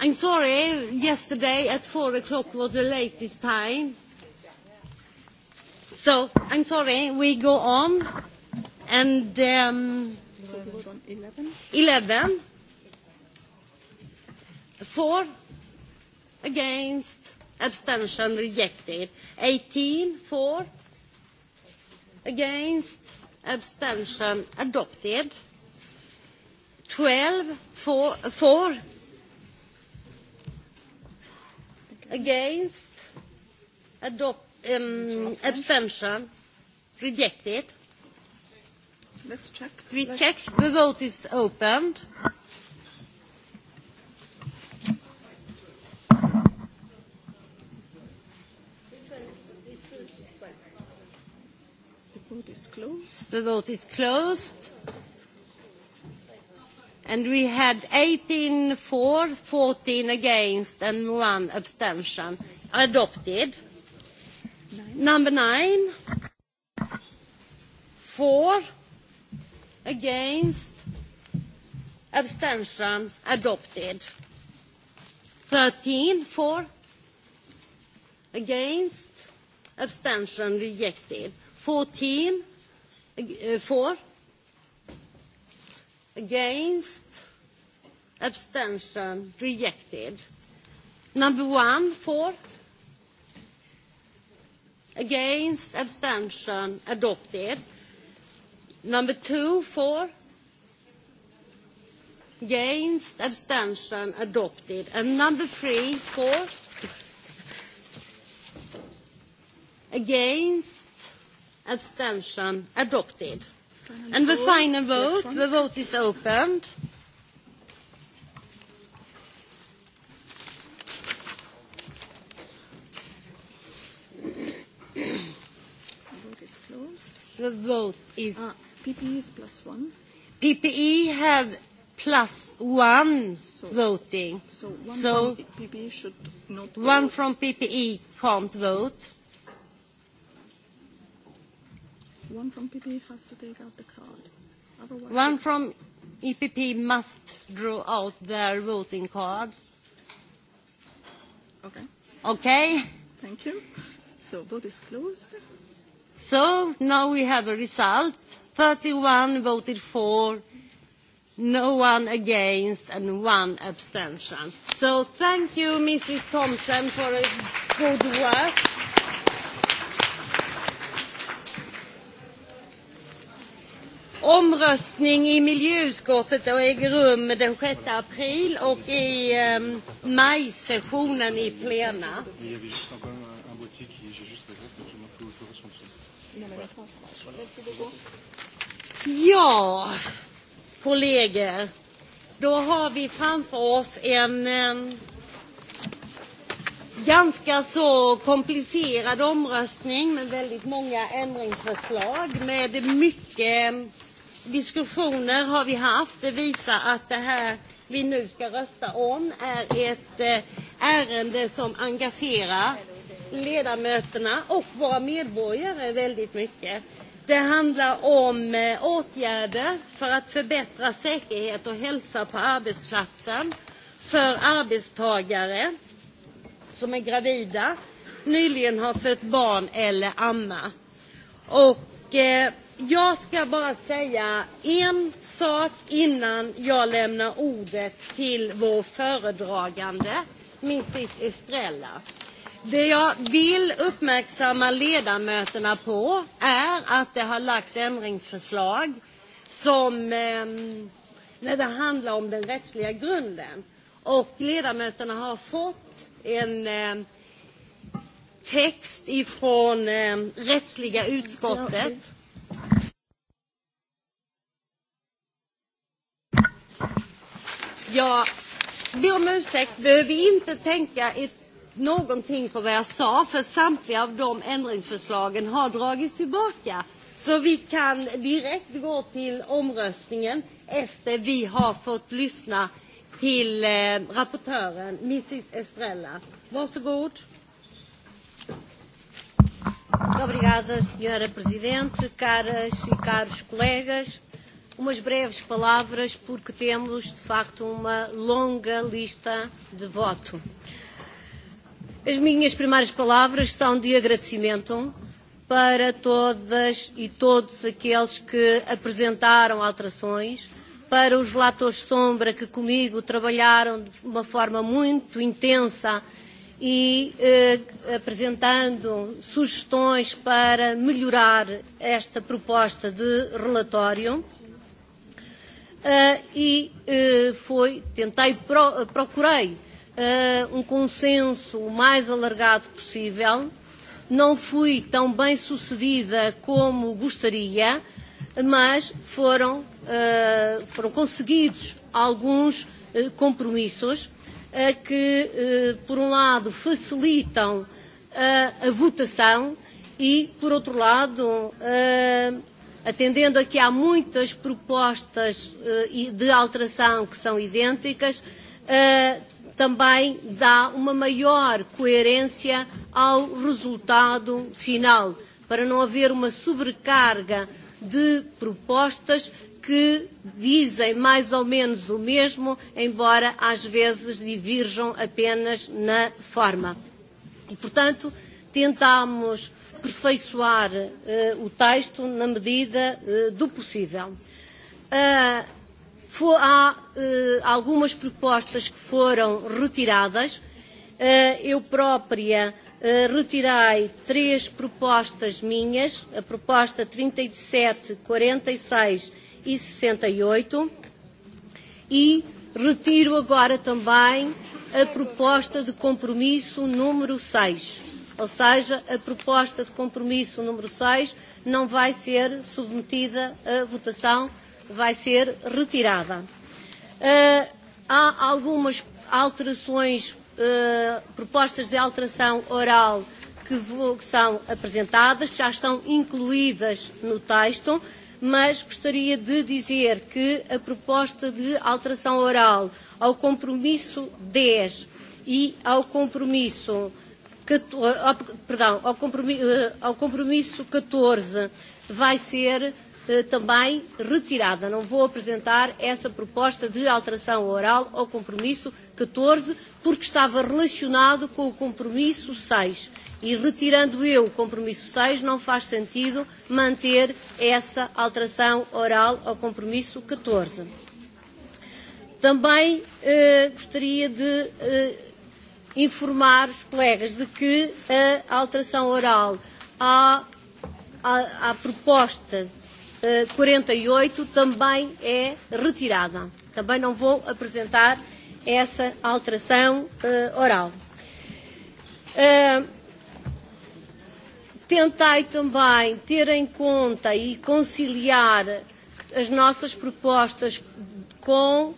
S1: I'm sorry, yesterday at 4 o'clock was the latest time. So, I'm sorry, we go on. And, um, 11? 11. Four against abstention rejected. 18 4. against abstention adopted. 12 four Against? Adopt. Abstention? Rejected. Let's check. We check. The vote is opened.
S10: The vote is closed.
S1: The vote is closed and we had 18 for, 14 against and one abstention. Adopted. Number 9, four against, abstention. Adopted. 13 for, against, abstention. Rejected. 14 for Against? Abstention? Rejected. Number one, for? Against? Abstention? Adopted. Number two, for? Against? Abstention? Adopted. And number three, for? Against? Abstention? Adopted. And the final vote, the vote is opened.
S11: The vote is PPE is plus one.
S1: PPE have plus one voting. So one from
S10: PPE should not. One from
S1: PPE can't vote.
S10: One from has to take out the card. One
S1: from EPP must draw out their voting cards. Okay. Okay.
S10: Thank you. So vote is closed.
S1: So now we have a result. 31 voted for, no one against, and one abstention. So thank you, Mrs. Thompson, for a good work. Omröstning i miljöutskottet äger rum den 6 april och i majsessionen i plena. Ja, kollegor, då har vi framför oss en ganska så komplicerad omröstning med väldigt många ändringsförslag med mycket diskussioner har vi haft. Det visar att det här vi nu ska rösta om är ett ärende som engagerar ledamöterna och våra medborgare väldigt mycket. Det handlar om åtgärder för att förbättra säkerhet och hälsa på arbetsplatsen för arbetstagare som är gravida, nyligen har fött barn eller ammar. Och Jag ska bara säga en sak innan jag lämnar ordet till vår föredragande, Mrs. Estrella. Det jag vill uppmärksamma ledamöterna på är att det har lagts ändringsförslag som när det handlar om den rättsliga grunden. Och ledamöterna har fått en text ifrån rättsliga utskottet Ja ber om ursäkt, behöver inte tänka ett, någonting på vad jag sa, för samtliga av de ändringsförslagen har dragits tillbaka. Så vi kan direkt gå till omröstningen efter vi har fått lyssna till eh, rapportören, Mrs Estrella. Varsågod. Obrigada, senhora
S12: presidente, caras e caros colegas umas breves palavras, porque temos, de facto, uma longa lista de voto. As minhas primeiras palavras são de agradecimento para todas e todos aqueles que apresentaram alterações, para os relatores sombra que comigo trabalharam de uma forma muito intensa e apresentando sugestões para melhorar esta proposta de relatório e foi, tentei, procurei um consenso o mais alargado possível. Não fui tão bem sucedida como gostaria, mas foram conseguidos alguns compromissos que, por um lado, facilitam a votação e, por outro lado, atendendo a que há muitas propostas de alteração que são idênticas, também dá uma maior coerência ao resultado final, para não haver uma sobrecarga de propostas que dizem mais ou menos o mesmo, embora às vezes diverjam apenas na forma. E, portanto, tentamos aperfeiçoar o texto na medida do possível. Há algumas propostas que foram retiradas. Eu própria retirei três propostas minhas, a proposta 37, 46 e 68, e retiro agora também a proposta de compromisso número 6. Ou seja, a proposta de compromisso número 6 não vai ser submetida à votação, vai ser retirada. Há algumas alterações, propostas de alteração oral que são apresentadas, que já estão incluídas no texto, mas gostaria de dizer que a proposta de alteração oral ao compromisso 10 e ao compromisso perdão, ao compromisso 14 vai ser também retirada. Não vou apresentar essa proposta de alteração oral ao compromisso 14, porque estava relacionado com o compromisso 6. E retirando eu o compromisso 6, não faz sentido manter essa alteração oral ao compromisso 14. Também gostaria de informar os colegas de que a alteração oral à, à, à proposta 48 também é retirada. Também não vou apresentar essa alteração oral. Tentei também ter em conta e conciliar as nossas propostas com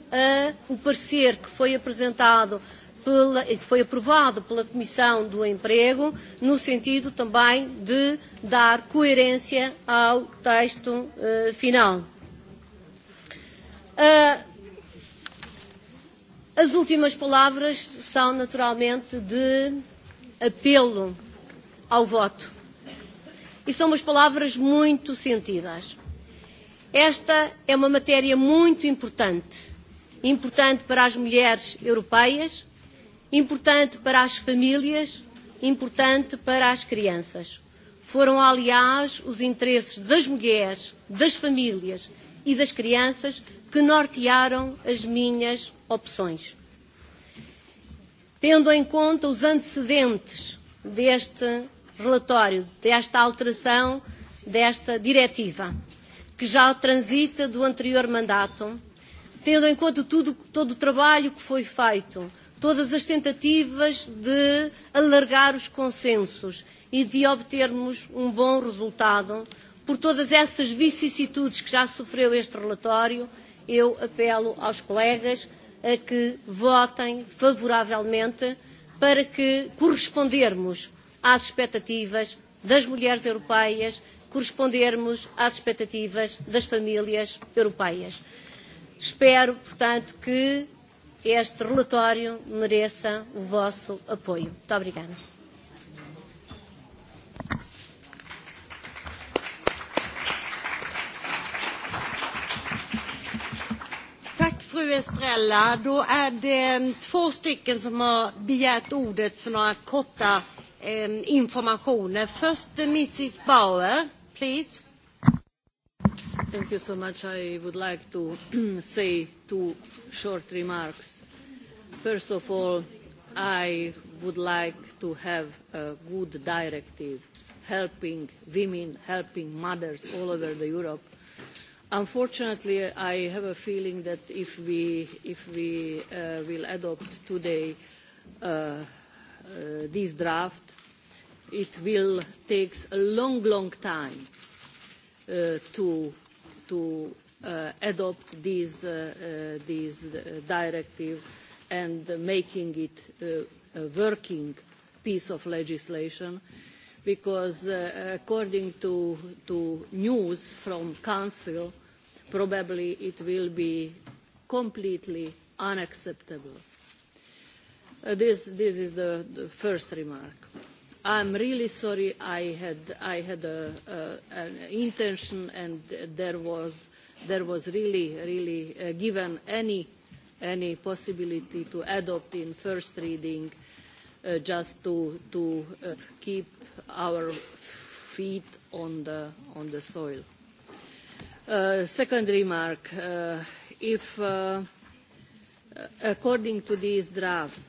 S12: o parecer que foi apresentado pela, que foi aprovado pela Comissão do Emprego, no sentido também de dar coerência ao texto final. As últimas palavras são naturalmente de apelo ao voto. E são umas palavras muito sentidas. Esta é uma matéria muito importante. Importante para as mulheres europeias, importante para as famílias, importante para as crianças. Foram, aliás, os interesses das mulheres, das famílias e das crianças que nortearam as minhas opções. Tendo em conta os antecedentes deste relatório, desta alteração, desta diretiva, que já transita do anterior mandato, tendo em conta tudo, todo o trabalho que foi feito todas as tentativas de alargar os consensos e de obtermos um bom resultado, por todas essas vicissitudes que já sofreu este relatório, eu apelo aos colegas a que votem favoravelmente para que correspondermos às expectativas das mulheres europeias, correspondermos às expectativas das famílias europeias. Espero, portanto, que este relatório mereça o vosso apoio. Muito obrigada.
S1: Tack fru Estrella. Då är det två stycken som har begärt ordet för några korta informationer. Först Mrs Bauer,
S11: please. Thank you so much. I would like to say two short remarks. First of all, I would like to have a good directive helping women, helping mothers all over the Europe. Unfortunately, I have a feeling that if we if we will adopt today this draft, it will take a long, long time to to adopt this directive and making it a working piece of legislation because according to news from council probably it will be completely unacceptable. This is the first remark. I'm really sorry. I had an intention and there was really really given any possibility to adopt in first reading, just to keep our feet on the soil. Second remark: if according to this draft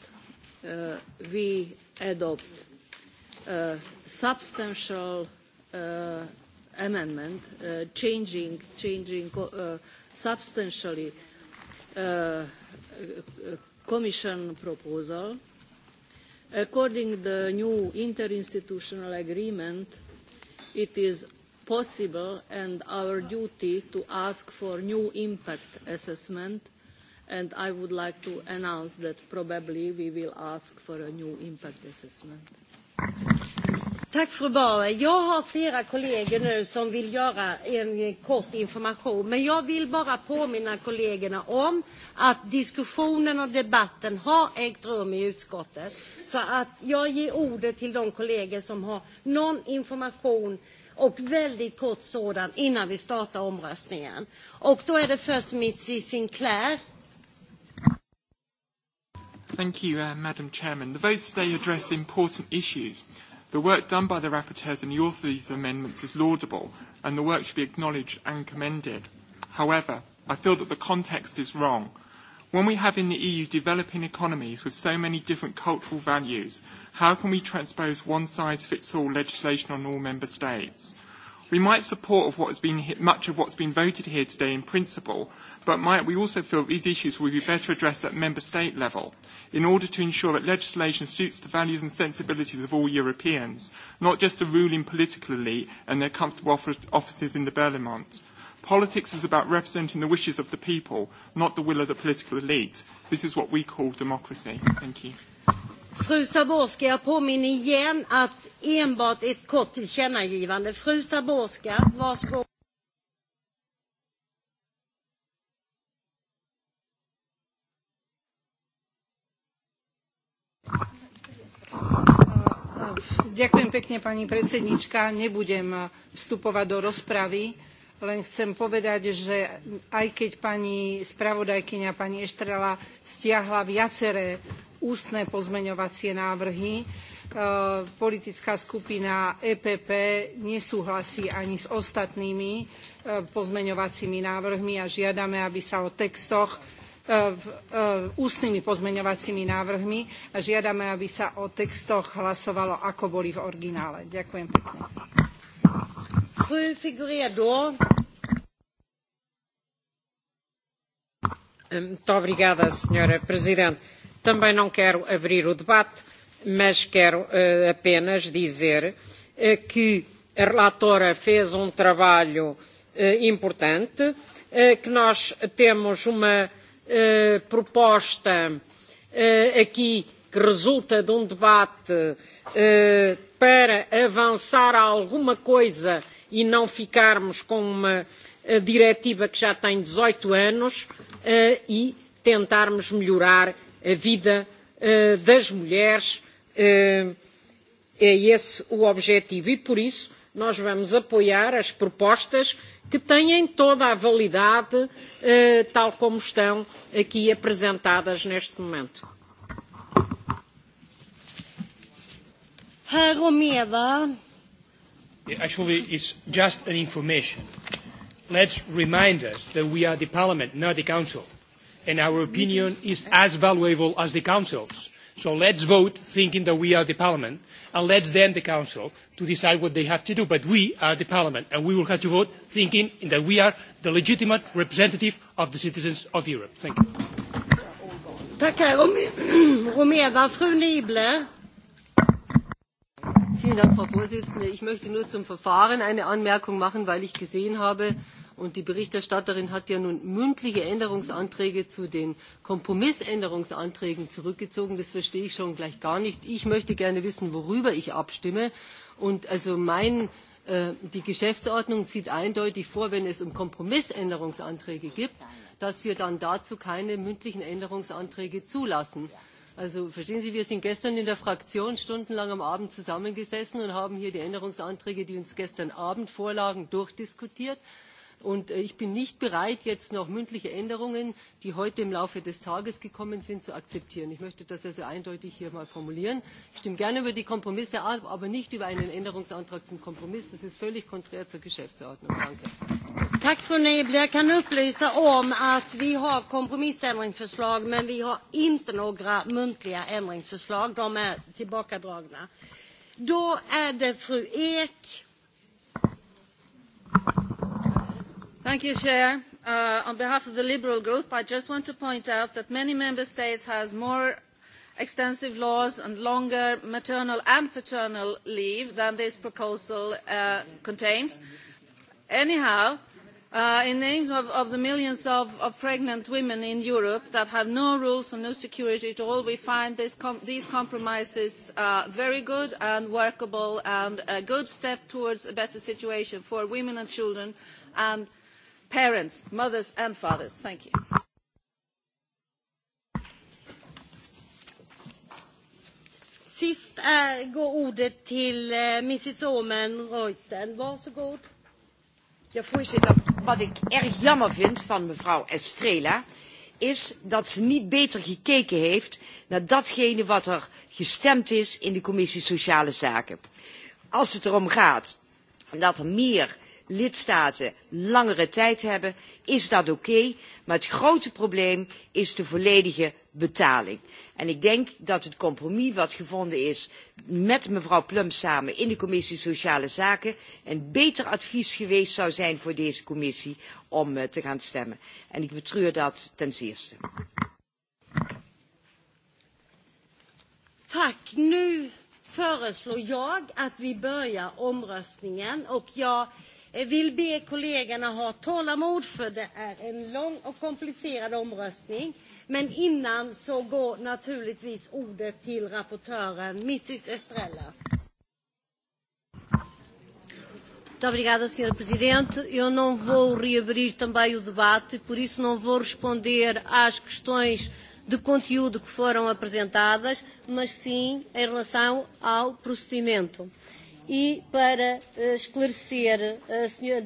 S11: we adopt substantial amendment changing changing substantially commission proposal according to the new interinstitutional agreement it is possible and our duty to ask for new impact assessment and i would like to announce that probably we will ask for a new impact assessment
S1: Tack fru Bauer. Jag har flera kollegor nu som vill göra en kort information. Men jag vill bara påminna kollegorna om att diskussionen och debatten har ägt rum i utskottet. Så att jag ger ordet till de kollegor som har någon information och väldigt kort sådan innan vi startar omröstningen. Och då är det först Mrs Sinclair
S13: Thank Madam Chairman. The votes today address important issues. The work done by the rapporteurs and the authors of these amendments is laudable, and the work should be acknowledged and commended. However, I feel that the context is wrong. When we have in the EU developing economies with so many different cultural values, how can we transpose one-size-fits-all legislation on all member states? We might support what has been, much of what's been voted here today in principle, but might we also feel these issues will be better addressed at member state level in order to ensure that legislation suits the values and sensibilities of all Europeans, not just the ruling political elite and their comfortable offices in the Berlimont. Politics is about representing the wishes of the people, not the will of the political elite. This is what we call democracy. Thank you.
S1: Fru Saborska, jag påminner igen att enbart ett kort tillkännagivande. Fru Saborska, varsågod.
S5: Ďakujem pekne, pani predsednička. Nebudem vstupovať do rozpravy, len chcem povedať, že aj keď pani spravodajkyňa, pani Eštrela, stiahla viaceré ústne pozmeňovacie návrhy. Politická skupina EPP nesúhlasí ani s ostatnými pozmeňovacími návrhmi a žiadame, aby sa o textoch ústnymi pozmeňovacími návrhmi a žiadame, aby sa o textoch hlasovalo, ako boli v originále. Ďakujem pekne. Presidente. Também não quero abrir o debate, mas quero apenas dizer que a relatora fez um trabalho importante, que nós temos uma proposta aqui que resulta de um debate para avançar alguma coisa e não ficarmos com uma diretiva que já tem 18 anos e tentarmos melhorar a vida das mulheres. É esse o objetivo e, por isso, nós vamos apoiar as propostas que têm toda a validade, tal como estão aqui apresentadas neste momento.
S4: Actually, it's just an information. Let's remind us that we are the Parliament, not the Council and our opinion is as valuable as the Council's. So let's vote thinking that we are the Parliament, and let's then the Council to decide what they have to do. But we are the Parliament, and we will have to vote thinking that we are the legitimate representative of the citizens of Europe. Thank you.
S9: Frau Vorsitzende. Ich möchte nur zum Verfahren eine Anmerkung machen, weil ich gesehen habe, und die berichterstatterin hat ja nun mündliche änderungsanträge zu den kompromissänderungsanträgen zurückgezogen das verstehe ich schon gleich gar nicht. ich möchte gerne wissen worüber ich abstimme und also die geschäftsordnung sieht eindeutig vor wenn es um kompromissänderungsanträge geht dass wir dann dazu keine mündlichen änderungsanträge zulassen. Also verstehen Sie, wir sind gestern in der Fraktion stundenlang am Abend zusammengesessen und haben hier die Änderungsanträge, die uns gestern Abend vorlagen, durchdiskutiert. Und ich bin nicht bereit, jetzt noch mündliche Änderungen, die heute im Laufe des Tages gekommen sind, zu akzeptieren. Ich möchte das also eindeutig hier mal formulieren. Ich stimme gerne über die Kompromisse ab, aber nicht über einen Änderungsantrag zum Kompromiss. Das ist völlig konträr zur
S3: Geschäftsordnung.
S7: Thank you, Chair. On behalf of the Liberal Group, I just want to point out that many member states have more extensive laws and longer maternal and paternal leave than this proposal contains. Anyhow, in the name of the millions of pregnant women in Europe that have no rules and no security at all, we find these compromises very good and workable and a good step towards a better situation for women and children and parents, mothers and fathers. Thank you.
S1: voorzitter. Wat ik erg jammer vind van mevrouw Estrela is dat ze niet beter gekeken heeft naar datgene wat er gestemd is in de commissie Sociale Zaken. Als het erom gaat dat er meer lidstaten langere tijd hebben, is dat oké. Maar het grote probleem is de volledige betaling. En ik denk dat het compromis wat gevonden is met mevrouw Plum samen in de commissie Sociale Zaken een beter advies geweest zou zijn voor deze commissie om te gaan stemmen. En ik betreur dat ten zeerste vill be kollegorna ha tålamod för det är en lång och komplicerad omröstning. Men innan så går naturligtvis ordet till rapportören, Mrs. Estrella.
S12: obrigada, Sr. Presidente. Eu não vou reabrir também o debate, por isso não vou responder às questões de conteúdo que foram apresentadas, mas sim em relação ao procedimento e para esclarecer,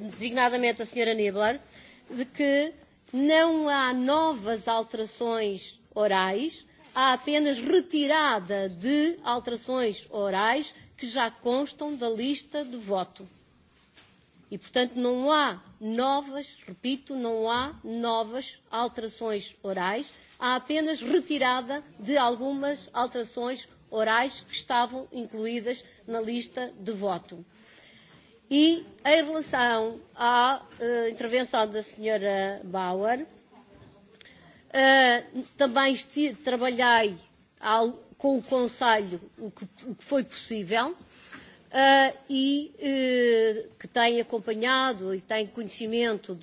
S12: designadamente a senhora Nibler, de que não há novas alterações orais, há apenas retirada de alterações orais que já constam da lista de voto. E, portanto, não há novas, repito, não há novas alterações orais, há apenas retirada de algumas alterações orais que estavam incluídas na lista de voto. E em relação à intervenção da senhora Bauer, também trabalhei com o Conselho o que foi possível e que tem acompanhado e tem conhecimento,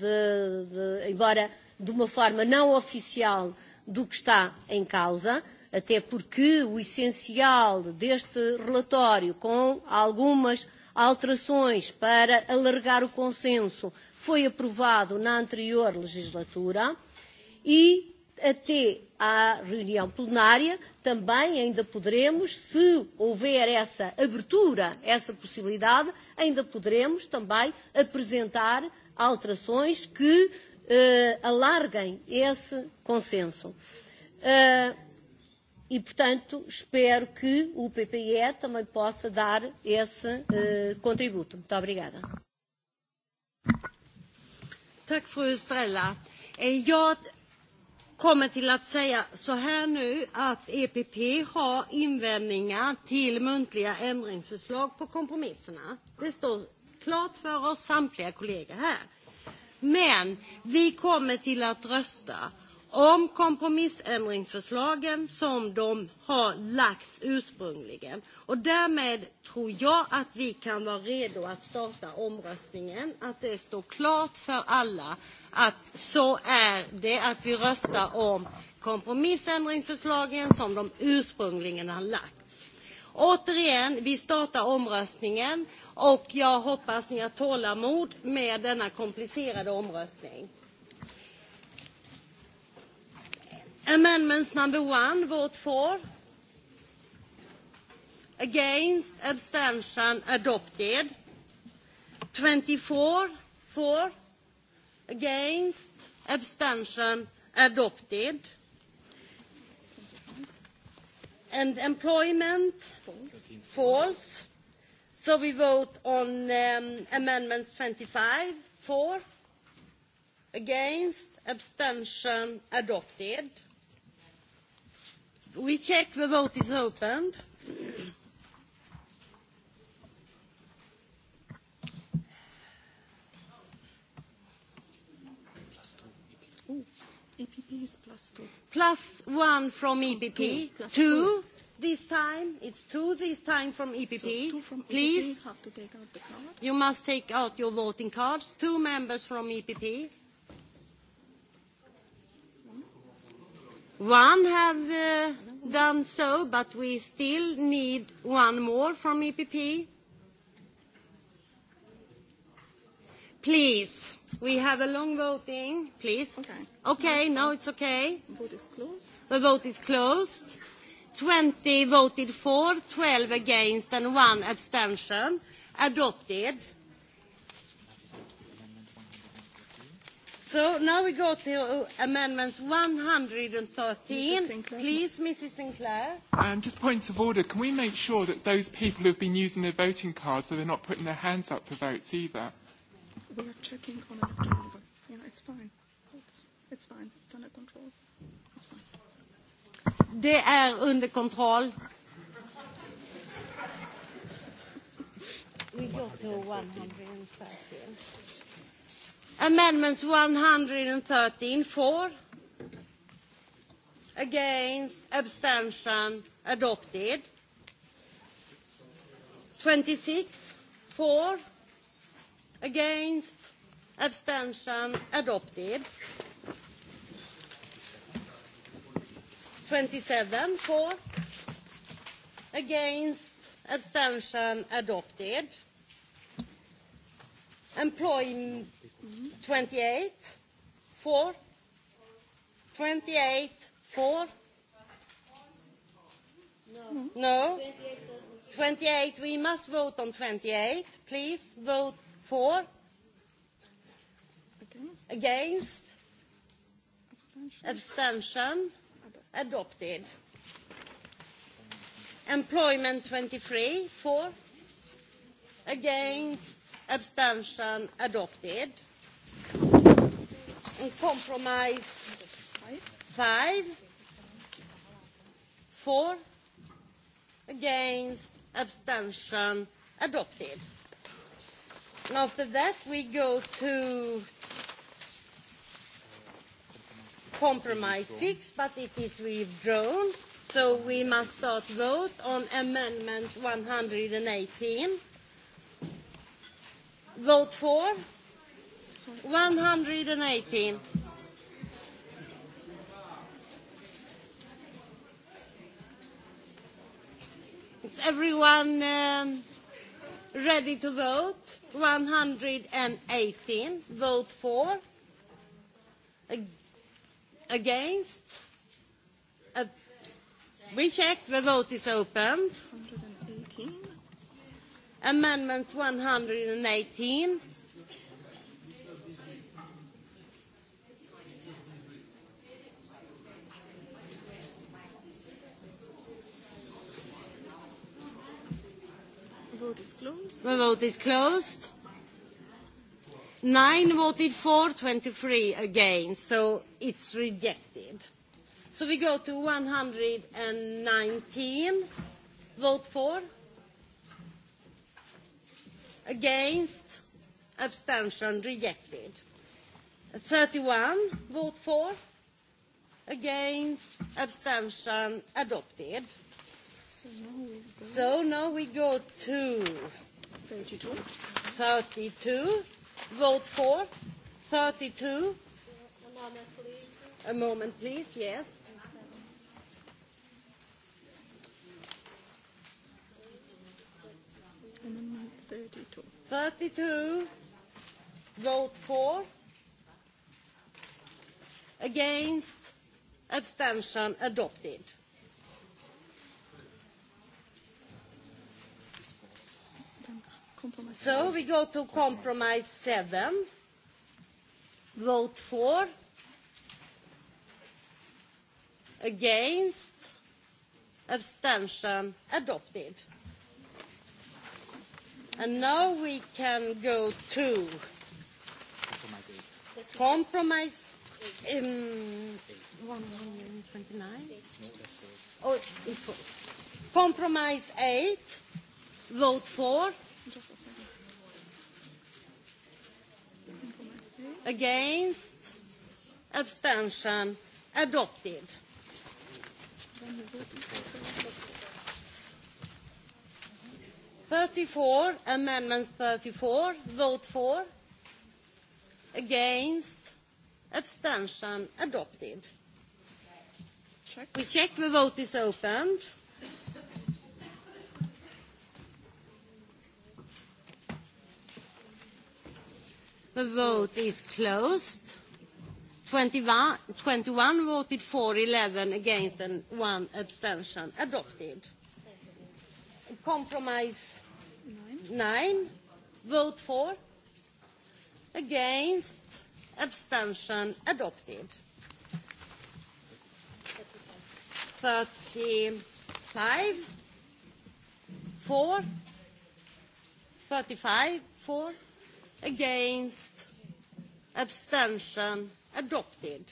S12: embora de uma forma não oficial, do que está em causa até porque o essencial deste relatório, com algumas alterações para alargar o consenso, foi aprovado na anterior legislatura e até à reunião plenária também ainda poderemos, se houver essa abertura, essa possibilidade, ainda poderemos também apresentar alterações que alarguem esse consenso e, portanto, espero que o PPE também possa dar esse contributo. Muito obrigada.
S1: Tack fru Estrella. Jag kommer till att säga så här nu att EPP har invändningar till muntliga ändringsförslag på kompromisserna. Det står klart för oss samtliga kollegor här. Men vi kommer till att rösta om kompromissändringsförslagen som de har lagts ursprungligen. Och därmed tror jag att vi kan vara redo att starta omröstningen. Att det står klart för alla att så är det att vi röstar om kompromissändringsförslagen som de ursprungligen har lagts. Återigen, vi startar omröstningen och jag hoppas ni har tålamod med denna komplicerade omröstning. Amendments number one, vote for. Against, abstention, adopted. 24, for. Against, abstention, adopted. And employment, false. So we vote on amendments 25, for. Against, abstention, adopted. We check the vote is opened.
S5: EPP plus
S1: Plus one from EPP. Two. This time, it's two this time from EPP. Please, you must take out your voting cards. Two members from EPP. One have done so, but we still need one more from EPP. Please, we have a long voting. Please. Okay. Okay, now it's okay.
S10: The vote is
S13: closed.
S1: The vote is closed. 20 voted for, 12 against, and one abstention. Adopted. So now we go to amendments 113. Please, Mrs. Sinclair.
S13: Just points of order. Can we make sure that those people who have been using their voting cards that they're not putting their hands up for votes either?
S10: We are checking on it. Yeah, it's fine. It's fine. It's under control. It's fine.
S1: under control. We go to 113. Amendments 113 for, against, abstention, adopted. 26 for, against, abstention, adopted. 27 for, against, abstention, adopted. Employment 28, 4. 28, 4.
S12: No. 28, we
S1: must vote on 28. Please vote for. Against. Abstention. Adopted. Employment 23, for Against abstention adopted. compromise five, four, against, abstention adopted. And after that we go to compromise six, but it is withdrawn. So we must start vote on amendments 118. Vote for. 118. Is everyone ready to vote? 118. Vote for. Against. We check. The vote is opened. Amendment 118. The vote is closed. Nine voted for, 23 against, so it's rejected. So we go to 119. Vote for. Against? Abstention rejected. 31. Vote for? Against? Abstention adopted. So now we go to 32. 32. Vote for? 32. A moment, please. A moment, please. Yes. 32. 32. Vote for. Against. Abstention. Adopted. So we go to compromise seven, Vote for. Against. Abstention. Adopted. And now we can go to compromise in 129. Oh, Compromise 8. Vote for. Against. Abstention. Adopted. 34, amendment 34, vote for, against, abstention, adopted. We check the vote is opened. The vote is closed. 21 voted for, 11 against, and one abstention. Adopted. Compromise nine vote for against abstention adopted Thirty-five, four. Thirty-five, four, against abstention adopted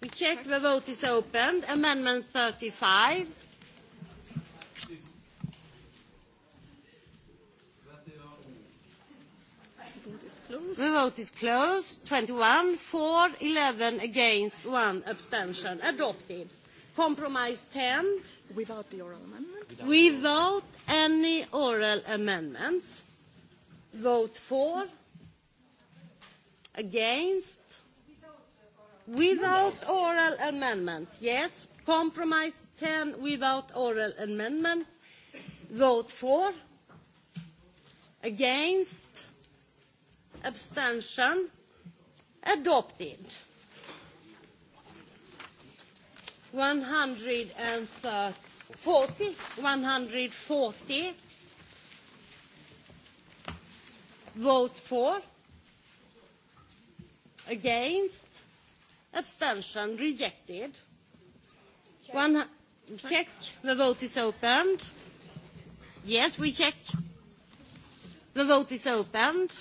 S1: we check the vote is opened amendment thirty-five. The vote is closed. 21 for, 11 against, 1 abstention. Adopted. Compromise 10. Without the oral amendment? Without any oral amendments. Vote for. Against. Without oral amendments. Yes. Compromise 10 without oral amendments. Vote for. Against abstention adopted 140 140 vote for against abstention rejected
S13: one check
S1: the vote is opened yes we check the vote is opened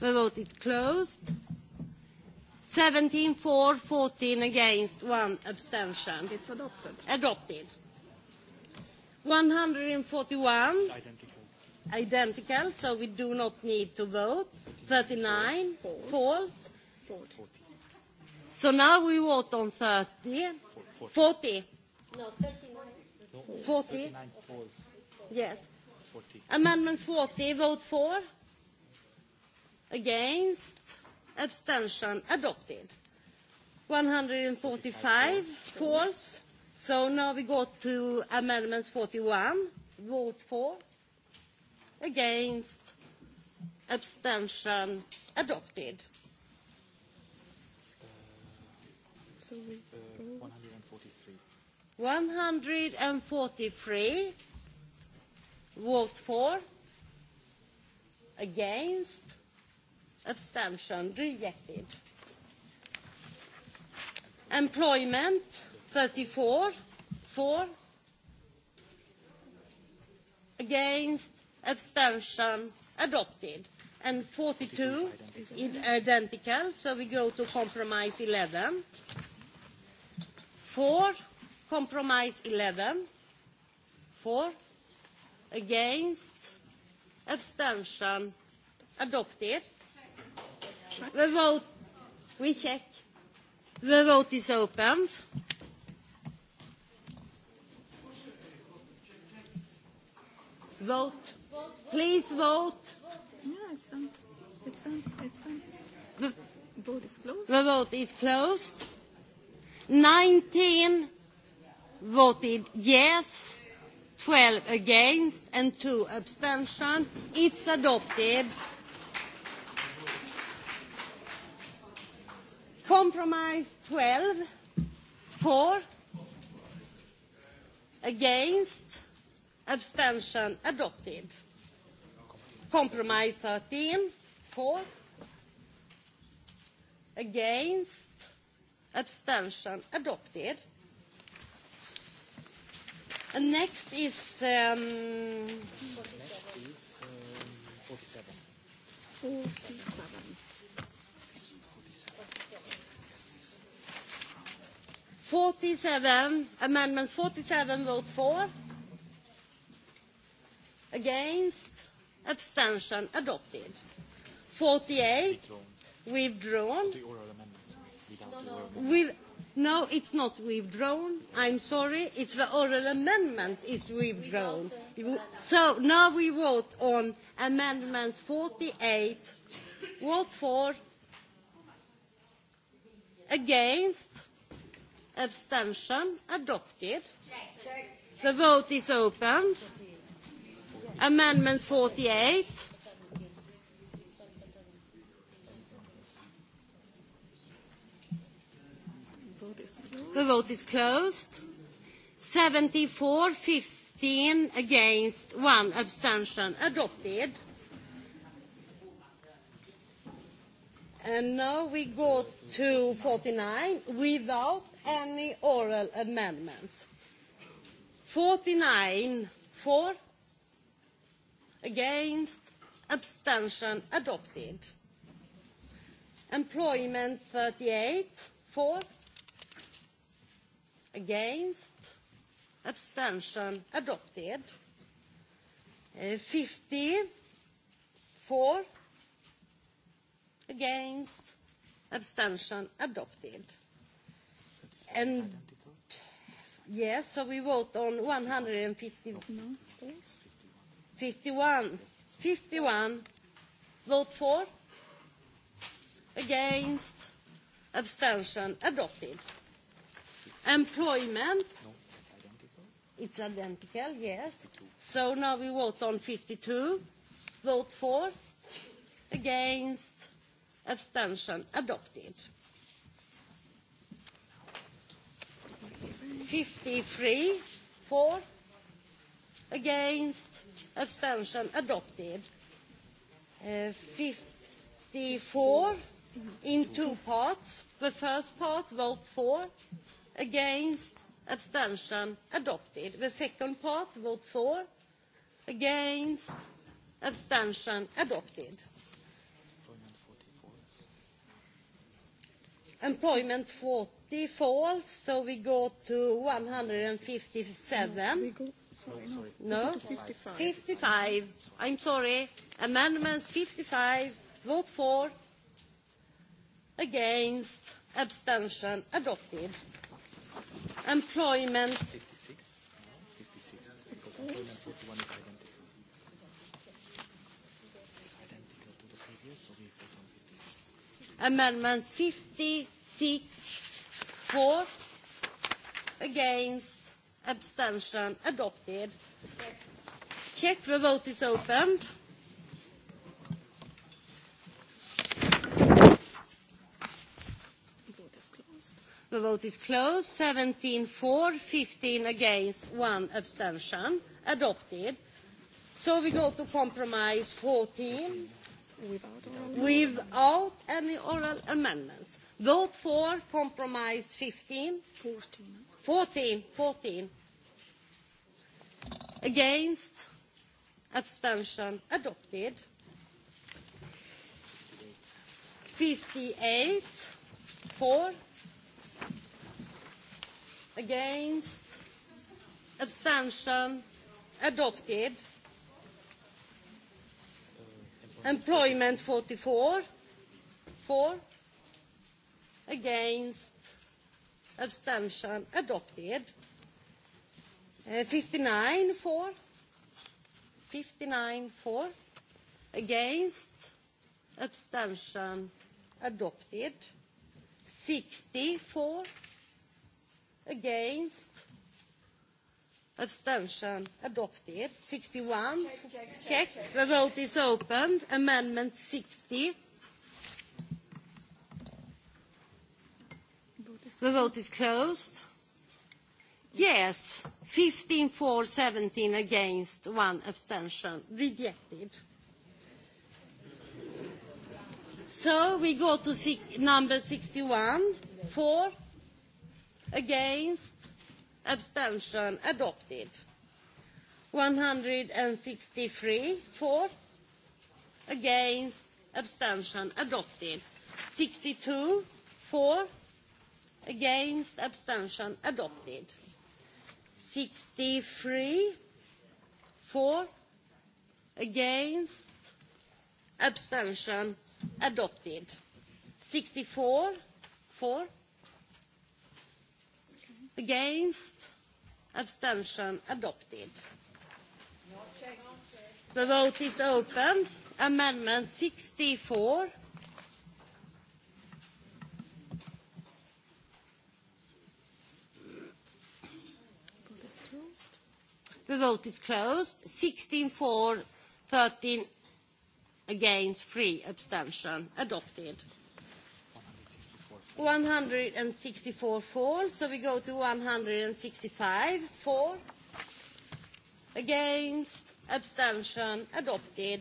S1: The vote is closed. 17 for, 14 against, one abstention. It's adopted. Adopted. 141. It's identical. Identical, so we do not need to vote. 39. False. So now we vote on 30. 40.
S12: No, 39. 40. Yes. 40. Amendment
S1: 40, vote for. Against? Abstention? Adopted. 145? for. So now we go to amendments 41. Vote for. Against? Abstention? Adopted. Sorry. 143. 143. Vote for. Against? abstention rejected. Employment 34 for against abstention adopted and 42 is identical so we go to compromise 11 for compromise 11 for against abstention adopted The vote. We check. The vote is opened. Vote. Please vote. Yeah, it's done. It's done. It's done. The vote is closed. The vote is closed. 19 voted yes, 12 against, and 2 abstention. It's adopted. Compromise 12. For. Against. Abstention. Adopted. Compromise 13. For. Against. Abstention. Adopted. And next is. Next
S13: is 47.
S1: 47. 47, amendments 47 vote for, against, abstention adopted. 48 withdrawn. no, it's not withdrawn. I'm sorry. It's the oral amendment is withdrawn. So now we vote on amendments 48. Vote for, Against? Abstention? Adopted. The vote is opened. Amendment 48. The vote is closed. 74, 15 against, one abstention. Adopted. And now we go to 49 without any oral amendments. 49 for, against, abstention adopted. Employment 38 for, against, abstention adopted. 50 for Against? Abstention? Adopted. And yes, so we vote on 150. 51. 51. Vote for? Against? Abstention? Adopted. Employment? It's identical, yes. So now we vote on 52. Vote for? Against? abstention adopted 53 for against abstention adopted 54 in two parts the first part vote for against abstention adopted the second part vote for against abstention adopted Employment 40 falls, so we go to 157. No, 55. I'm sorry. Amendments 55. Vote for. Against. Abstention. Adopted. Employment.
S13: 56. 56.
S1: Amendments 56, 4, against, abstention, adopted. Check. The vote is opened. The vote is closed. 17 for, 15 against, one abstention. Adopted. So we go to compromise 14. Without any oral amendments. Vote for compromise 15. 14. 14. 14. Against. Abstention. Adopted. 58. 4. Against. Abstention. Adopted. Employment 44. For. Against. Abstention. Adopted. 59 for. 59 for. Against. Abstention. Adopted. 60 4. Against abstention adopted 61 check the vote is opened amendment 60 the vote is closed yes 15 for 17 against one abstention rejected so we go to number 61 for against abstention adopted 163 for against abstention adopted 62 for against abstention adopted 63 for against abstention adopted 64 for Against? Abstention? Adopted. The vote is opened. Amendment 64. The vote is closed. 16 for, 13 against, 3 abstention. Adopted. 164 for, so we go to 165 for, against, abstention, adopted.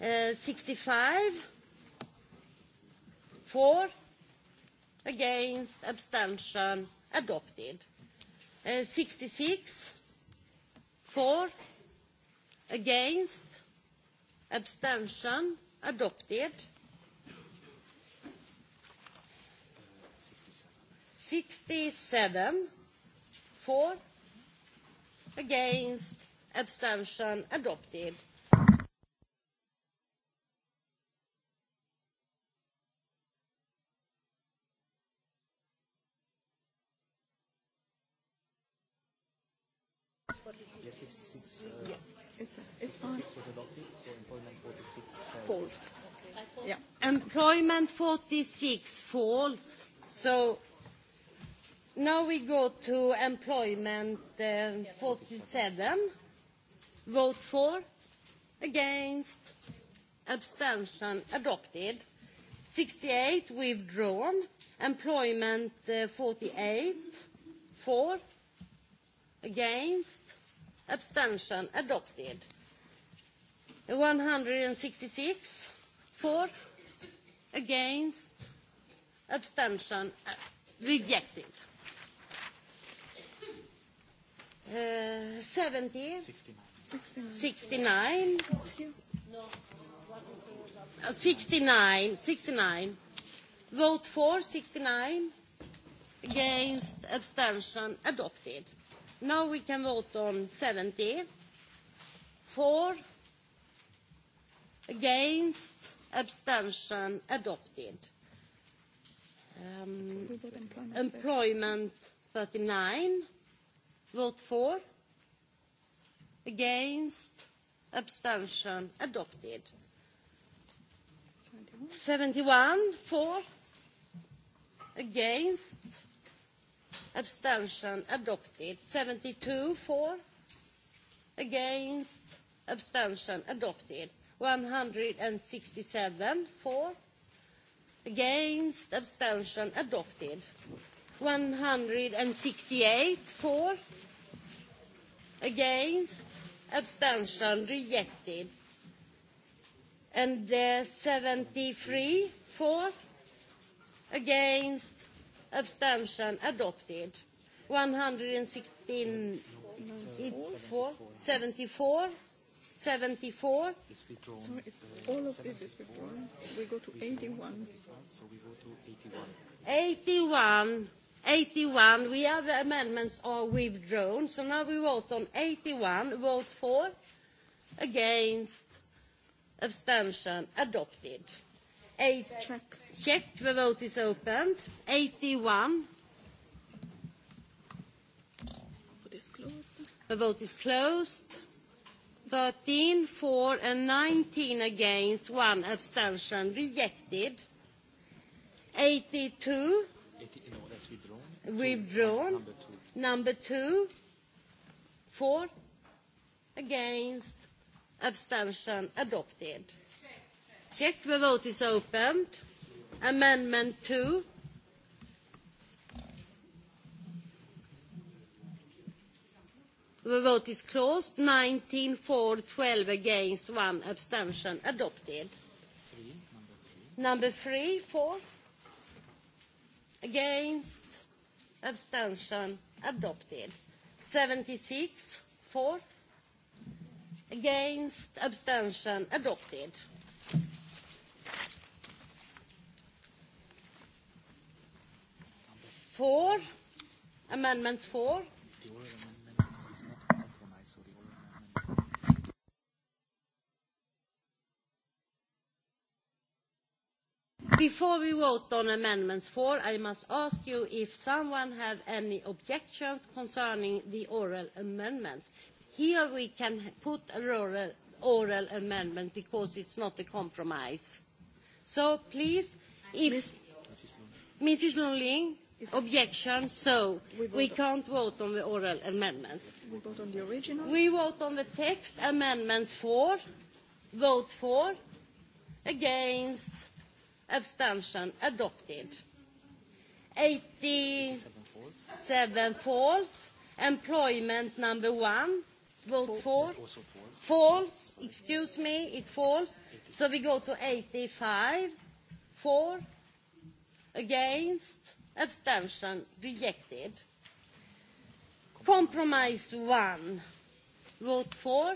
S1: 65 for, against, abstention, adopted. 66 for, against, abstention, adopted. 67 for, against, abstention, adopted.
S5: 46.
S3: Yeah. It's fine. was adopted, so employment 46 falls.
S13: Yeah.
S1: Employment 46 falls. Now we go to employment 47. Vote for, against, abstention, adopted. 68 withdrawn. Employment 48 for, against, abstention, adopted. 166 for, against, abstention, rejected. 70, 69, 69, 69. Vote for 69, against, abstention, adopted. Now we can vote on 70. For, against, abstention, adopted. Employment 39 Vote for. Against. Abstention. Adopted. 71 for. Against. Abstention. Adopted. 72 for. Against. Abstention. Adopted. 167 for. Against. Abstention. Adopted. 168 for Against. Abstention. Rejected. And 73. For. Against. Abstention. Adopted. 116. It's 4. 74. 74. All of this is
S10: withdrawn. We go to we go to 81.
S1: 81. 81, we have amendments are withdrawn. So now we vote on 81. Vote for, against, abstention, adopted. Check. The vote is opened. 81. The vote is closed. 13 for and 19 against, one abstention. Rejected. 82 withdrawn. Number two, four, against, abstention, adopted. Check. The vote is opened. Amendment two. The vote is closed. 19 for, 12 against, one abstention. Adopted. Number three, four, against, abstention adopted 76 for against abstention adopted four amendments for Before we vote on Amendments 4, I must ask you if someone has any objections concerning the oral amendments. Here we can put an oral amendment because it's not a compromise. So please, if Mrs. Lonling objections, so we can't vote on the oral amendments. We vote on the original? We vote on the text, amendments for, vote for, against abstention adopted. seven false. Employment number one. Vote for. False. Excuse me, it falls. So we go to 85. four Against. Abstention. Rejected. Compromise one. Vote for.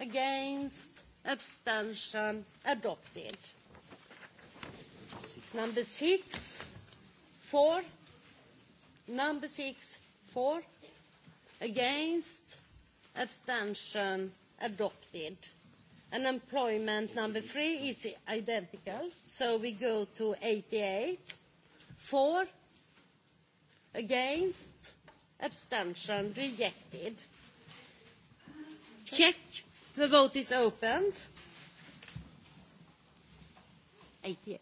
S1: Against. Abstention. Adopted. Number six, four. Number six, four. Against. Abstention. Adopted. And employment number three is identical. So we go to 88. Four. Against. Abstention. Rejected. Check. The vote is opened. 88.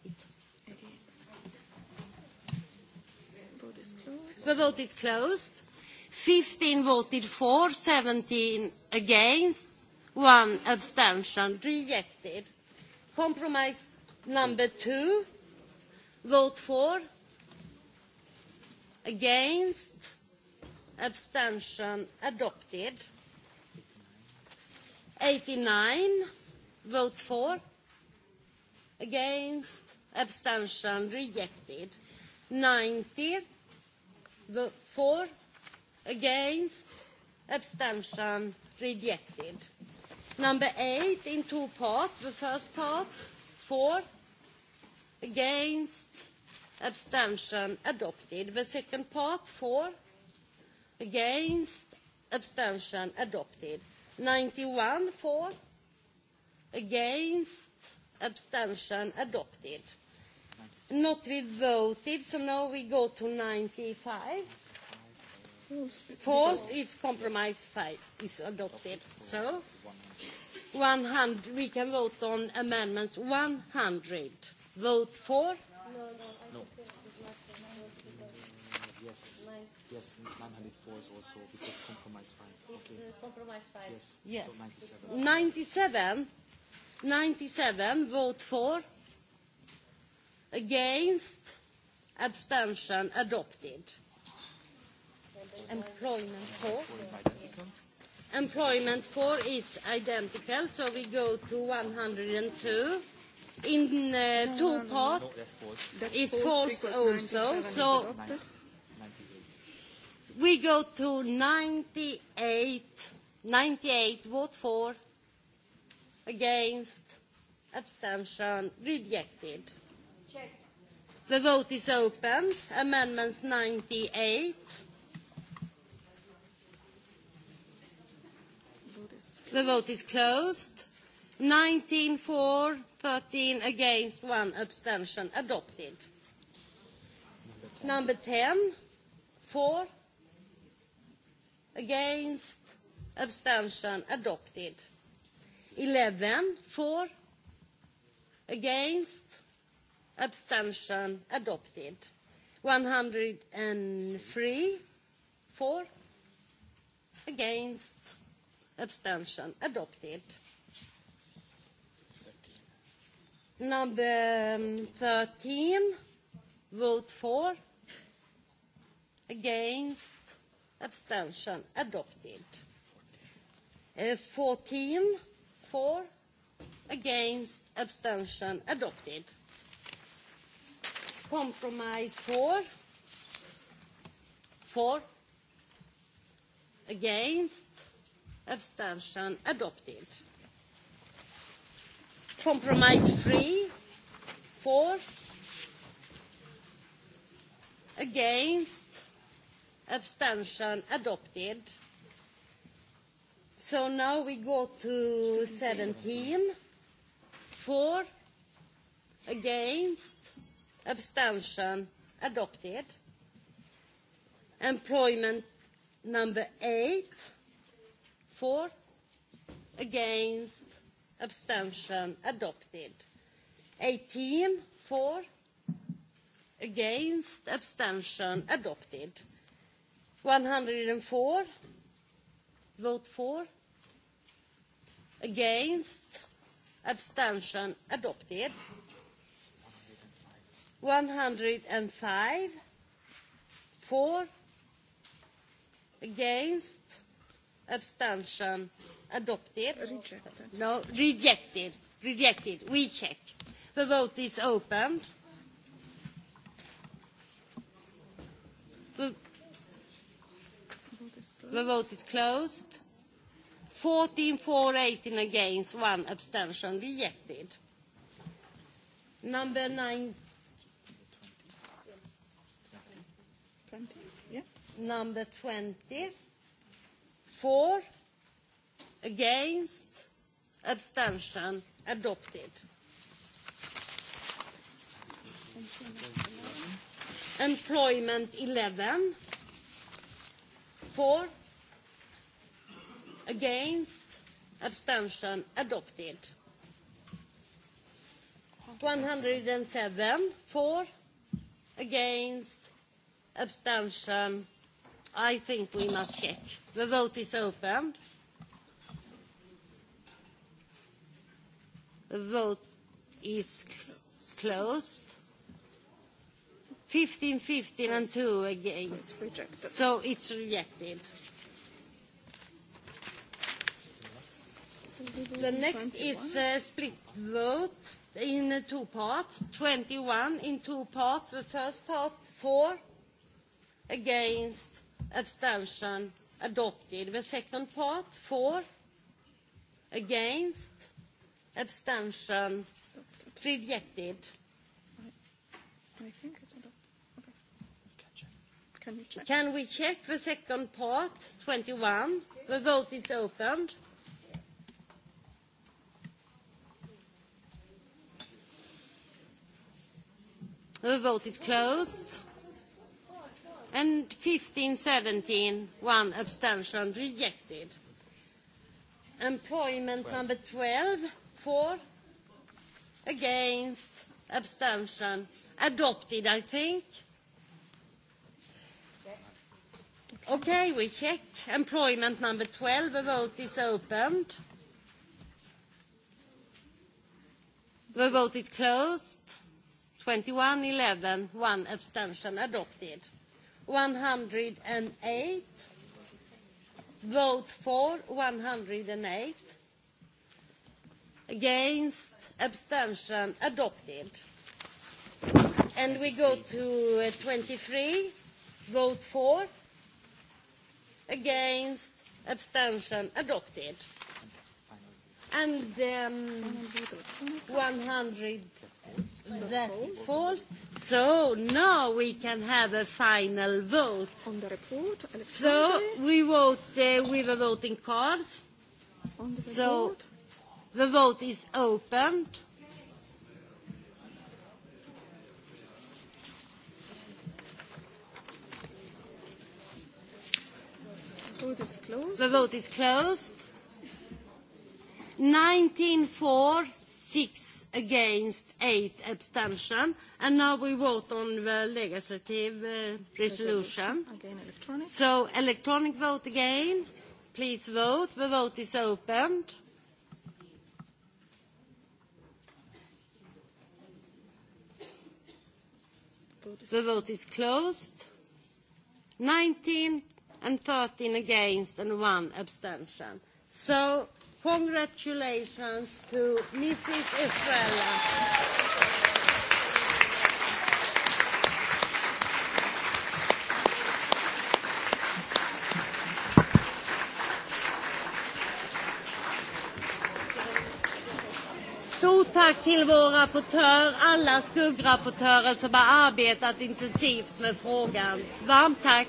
S1: The vote is closed. 15 voted for, 17 against, one abstention. Rejected. Compromise number two. Vote for. Against. Abstention. Adopted. 89. Vote for. Against. Abstention. Rejected. 90 4. for, against, abstention, rejected. Number eight in two parts. The first part, for, against, abstention, adopted. The second part, for, against, abstention, adopted. 91 for, against, abstention, adopted. Not we voted, so now we go to 95. False if compromise five is adopted. So, 100. We can vote on amendments 100. Vote for. No.
S12: Yes.
S9: Yes, 904 is also
S1: because compromise
S12: 5. Okay. Compromise 5. Yes. Yes.
S1: 97. 97. 97. Vote for. Against? Abstention? Adopted.
S13: Employment 4.
S1: Employment 4 is identical, so we go to 102. In two parts,
S2: it falls also. So
S1: we go to 98. 98, vote for, against, abstention, rejected. The vote is opened. Amendments 98. The vote is closed. 19 for, 13 against, one abstention. Adopted. Number 10, 4 against, abstention. Adopted. 11, for, against, abstention adopted 103 for against abstention adopted number 13 vote for against abstention adopted 14 for against abstention adopted Compromise 4. For. Against. Abstention. Adopted. Compromise three, For. Against. Abstention. Adopted. So now we go to 17. For. Against abstention adopted. Employment number eight four against abstention adopted. 18 for against abstention adopted. 104 vote for against abstention adopted. 105 for against abstention adopted rejected no rejected rejected we check the vote is opened the vote is closed 14 for 18 against one abstention rejected number 19 number 20 for against abstention adopted employment 11 for against abstention adopted 107 for against abstention I think we must check. The vote is opened. The vote is closed. 15, 15 and 2 again. So it's rejected.
S11: So it's rejected. The next is a
S1: split vote in two parts. 21 in two parts. The first part, four against abstention adopted. The second part for, against, abstention rejected. Can we check the second part, 21? The vote is opened. The vote is closed and 1517, one abstention rejected. Employment number 12, for, against, abstention adopted, I think. Okay, we check. Employment number 12, the vote is opened. The vote is closed. 21, 11, one abstention adopted. 108 vote for 108 against abstention adopted and we go to 23 vote for against abstention adopted and 100 the So now we can have a final vote. On the report. So we vote with the voting cards. So the vote is opened. The vote is closed. 19 for, 6 against, 8 abstention. And now we vote on the legislative resolution. So electronic vote again. Please vote. The vote is opened. The vote is closed. 19 and 13 against and one abstention. So Congratulations to Mrs. Estrella. Stort tack till vår rapportör, alla skuggrapportörer som har arbetat intensivt med frågan. Varmt tack!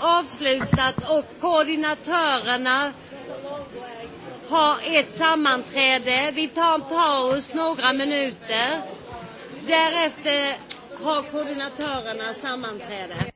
S1: avslutat och koordinatörerna har ett sammanträde. Vi tar en paus några minuter. Därefter har koordinatörerna sammanträde.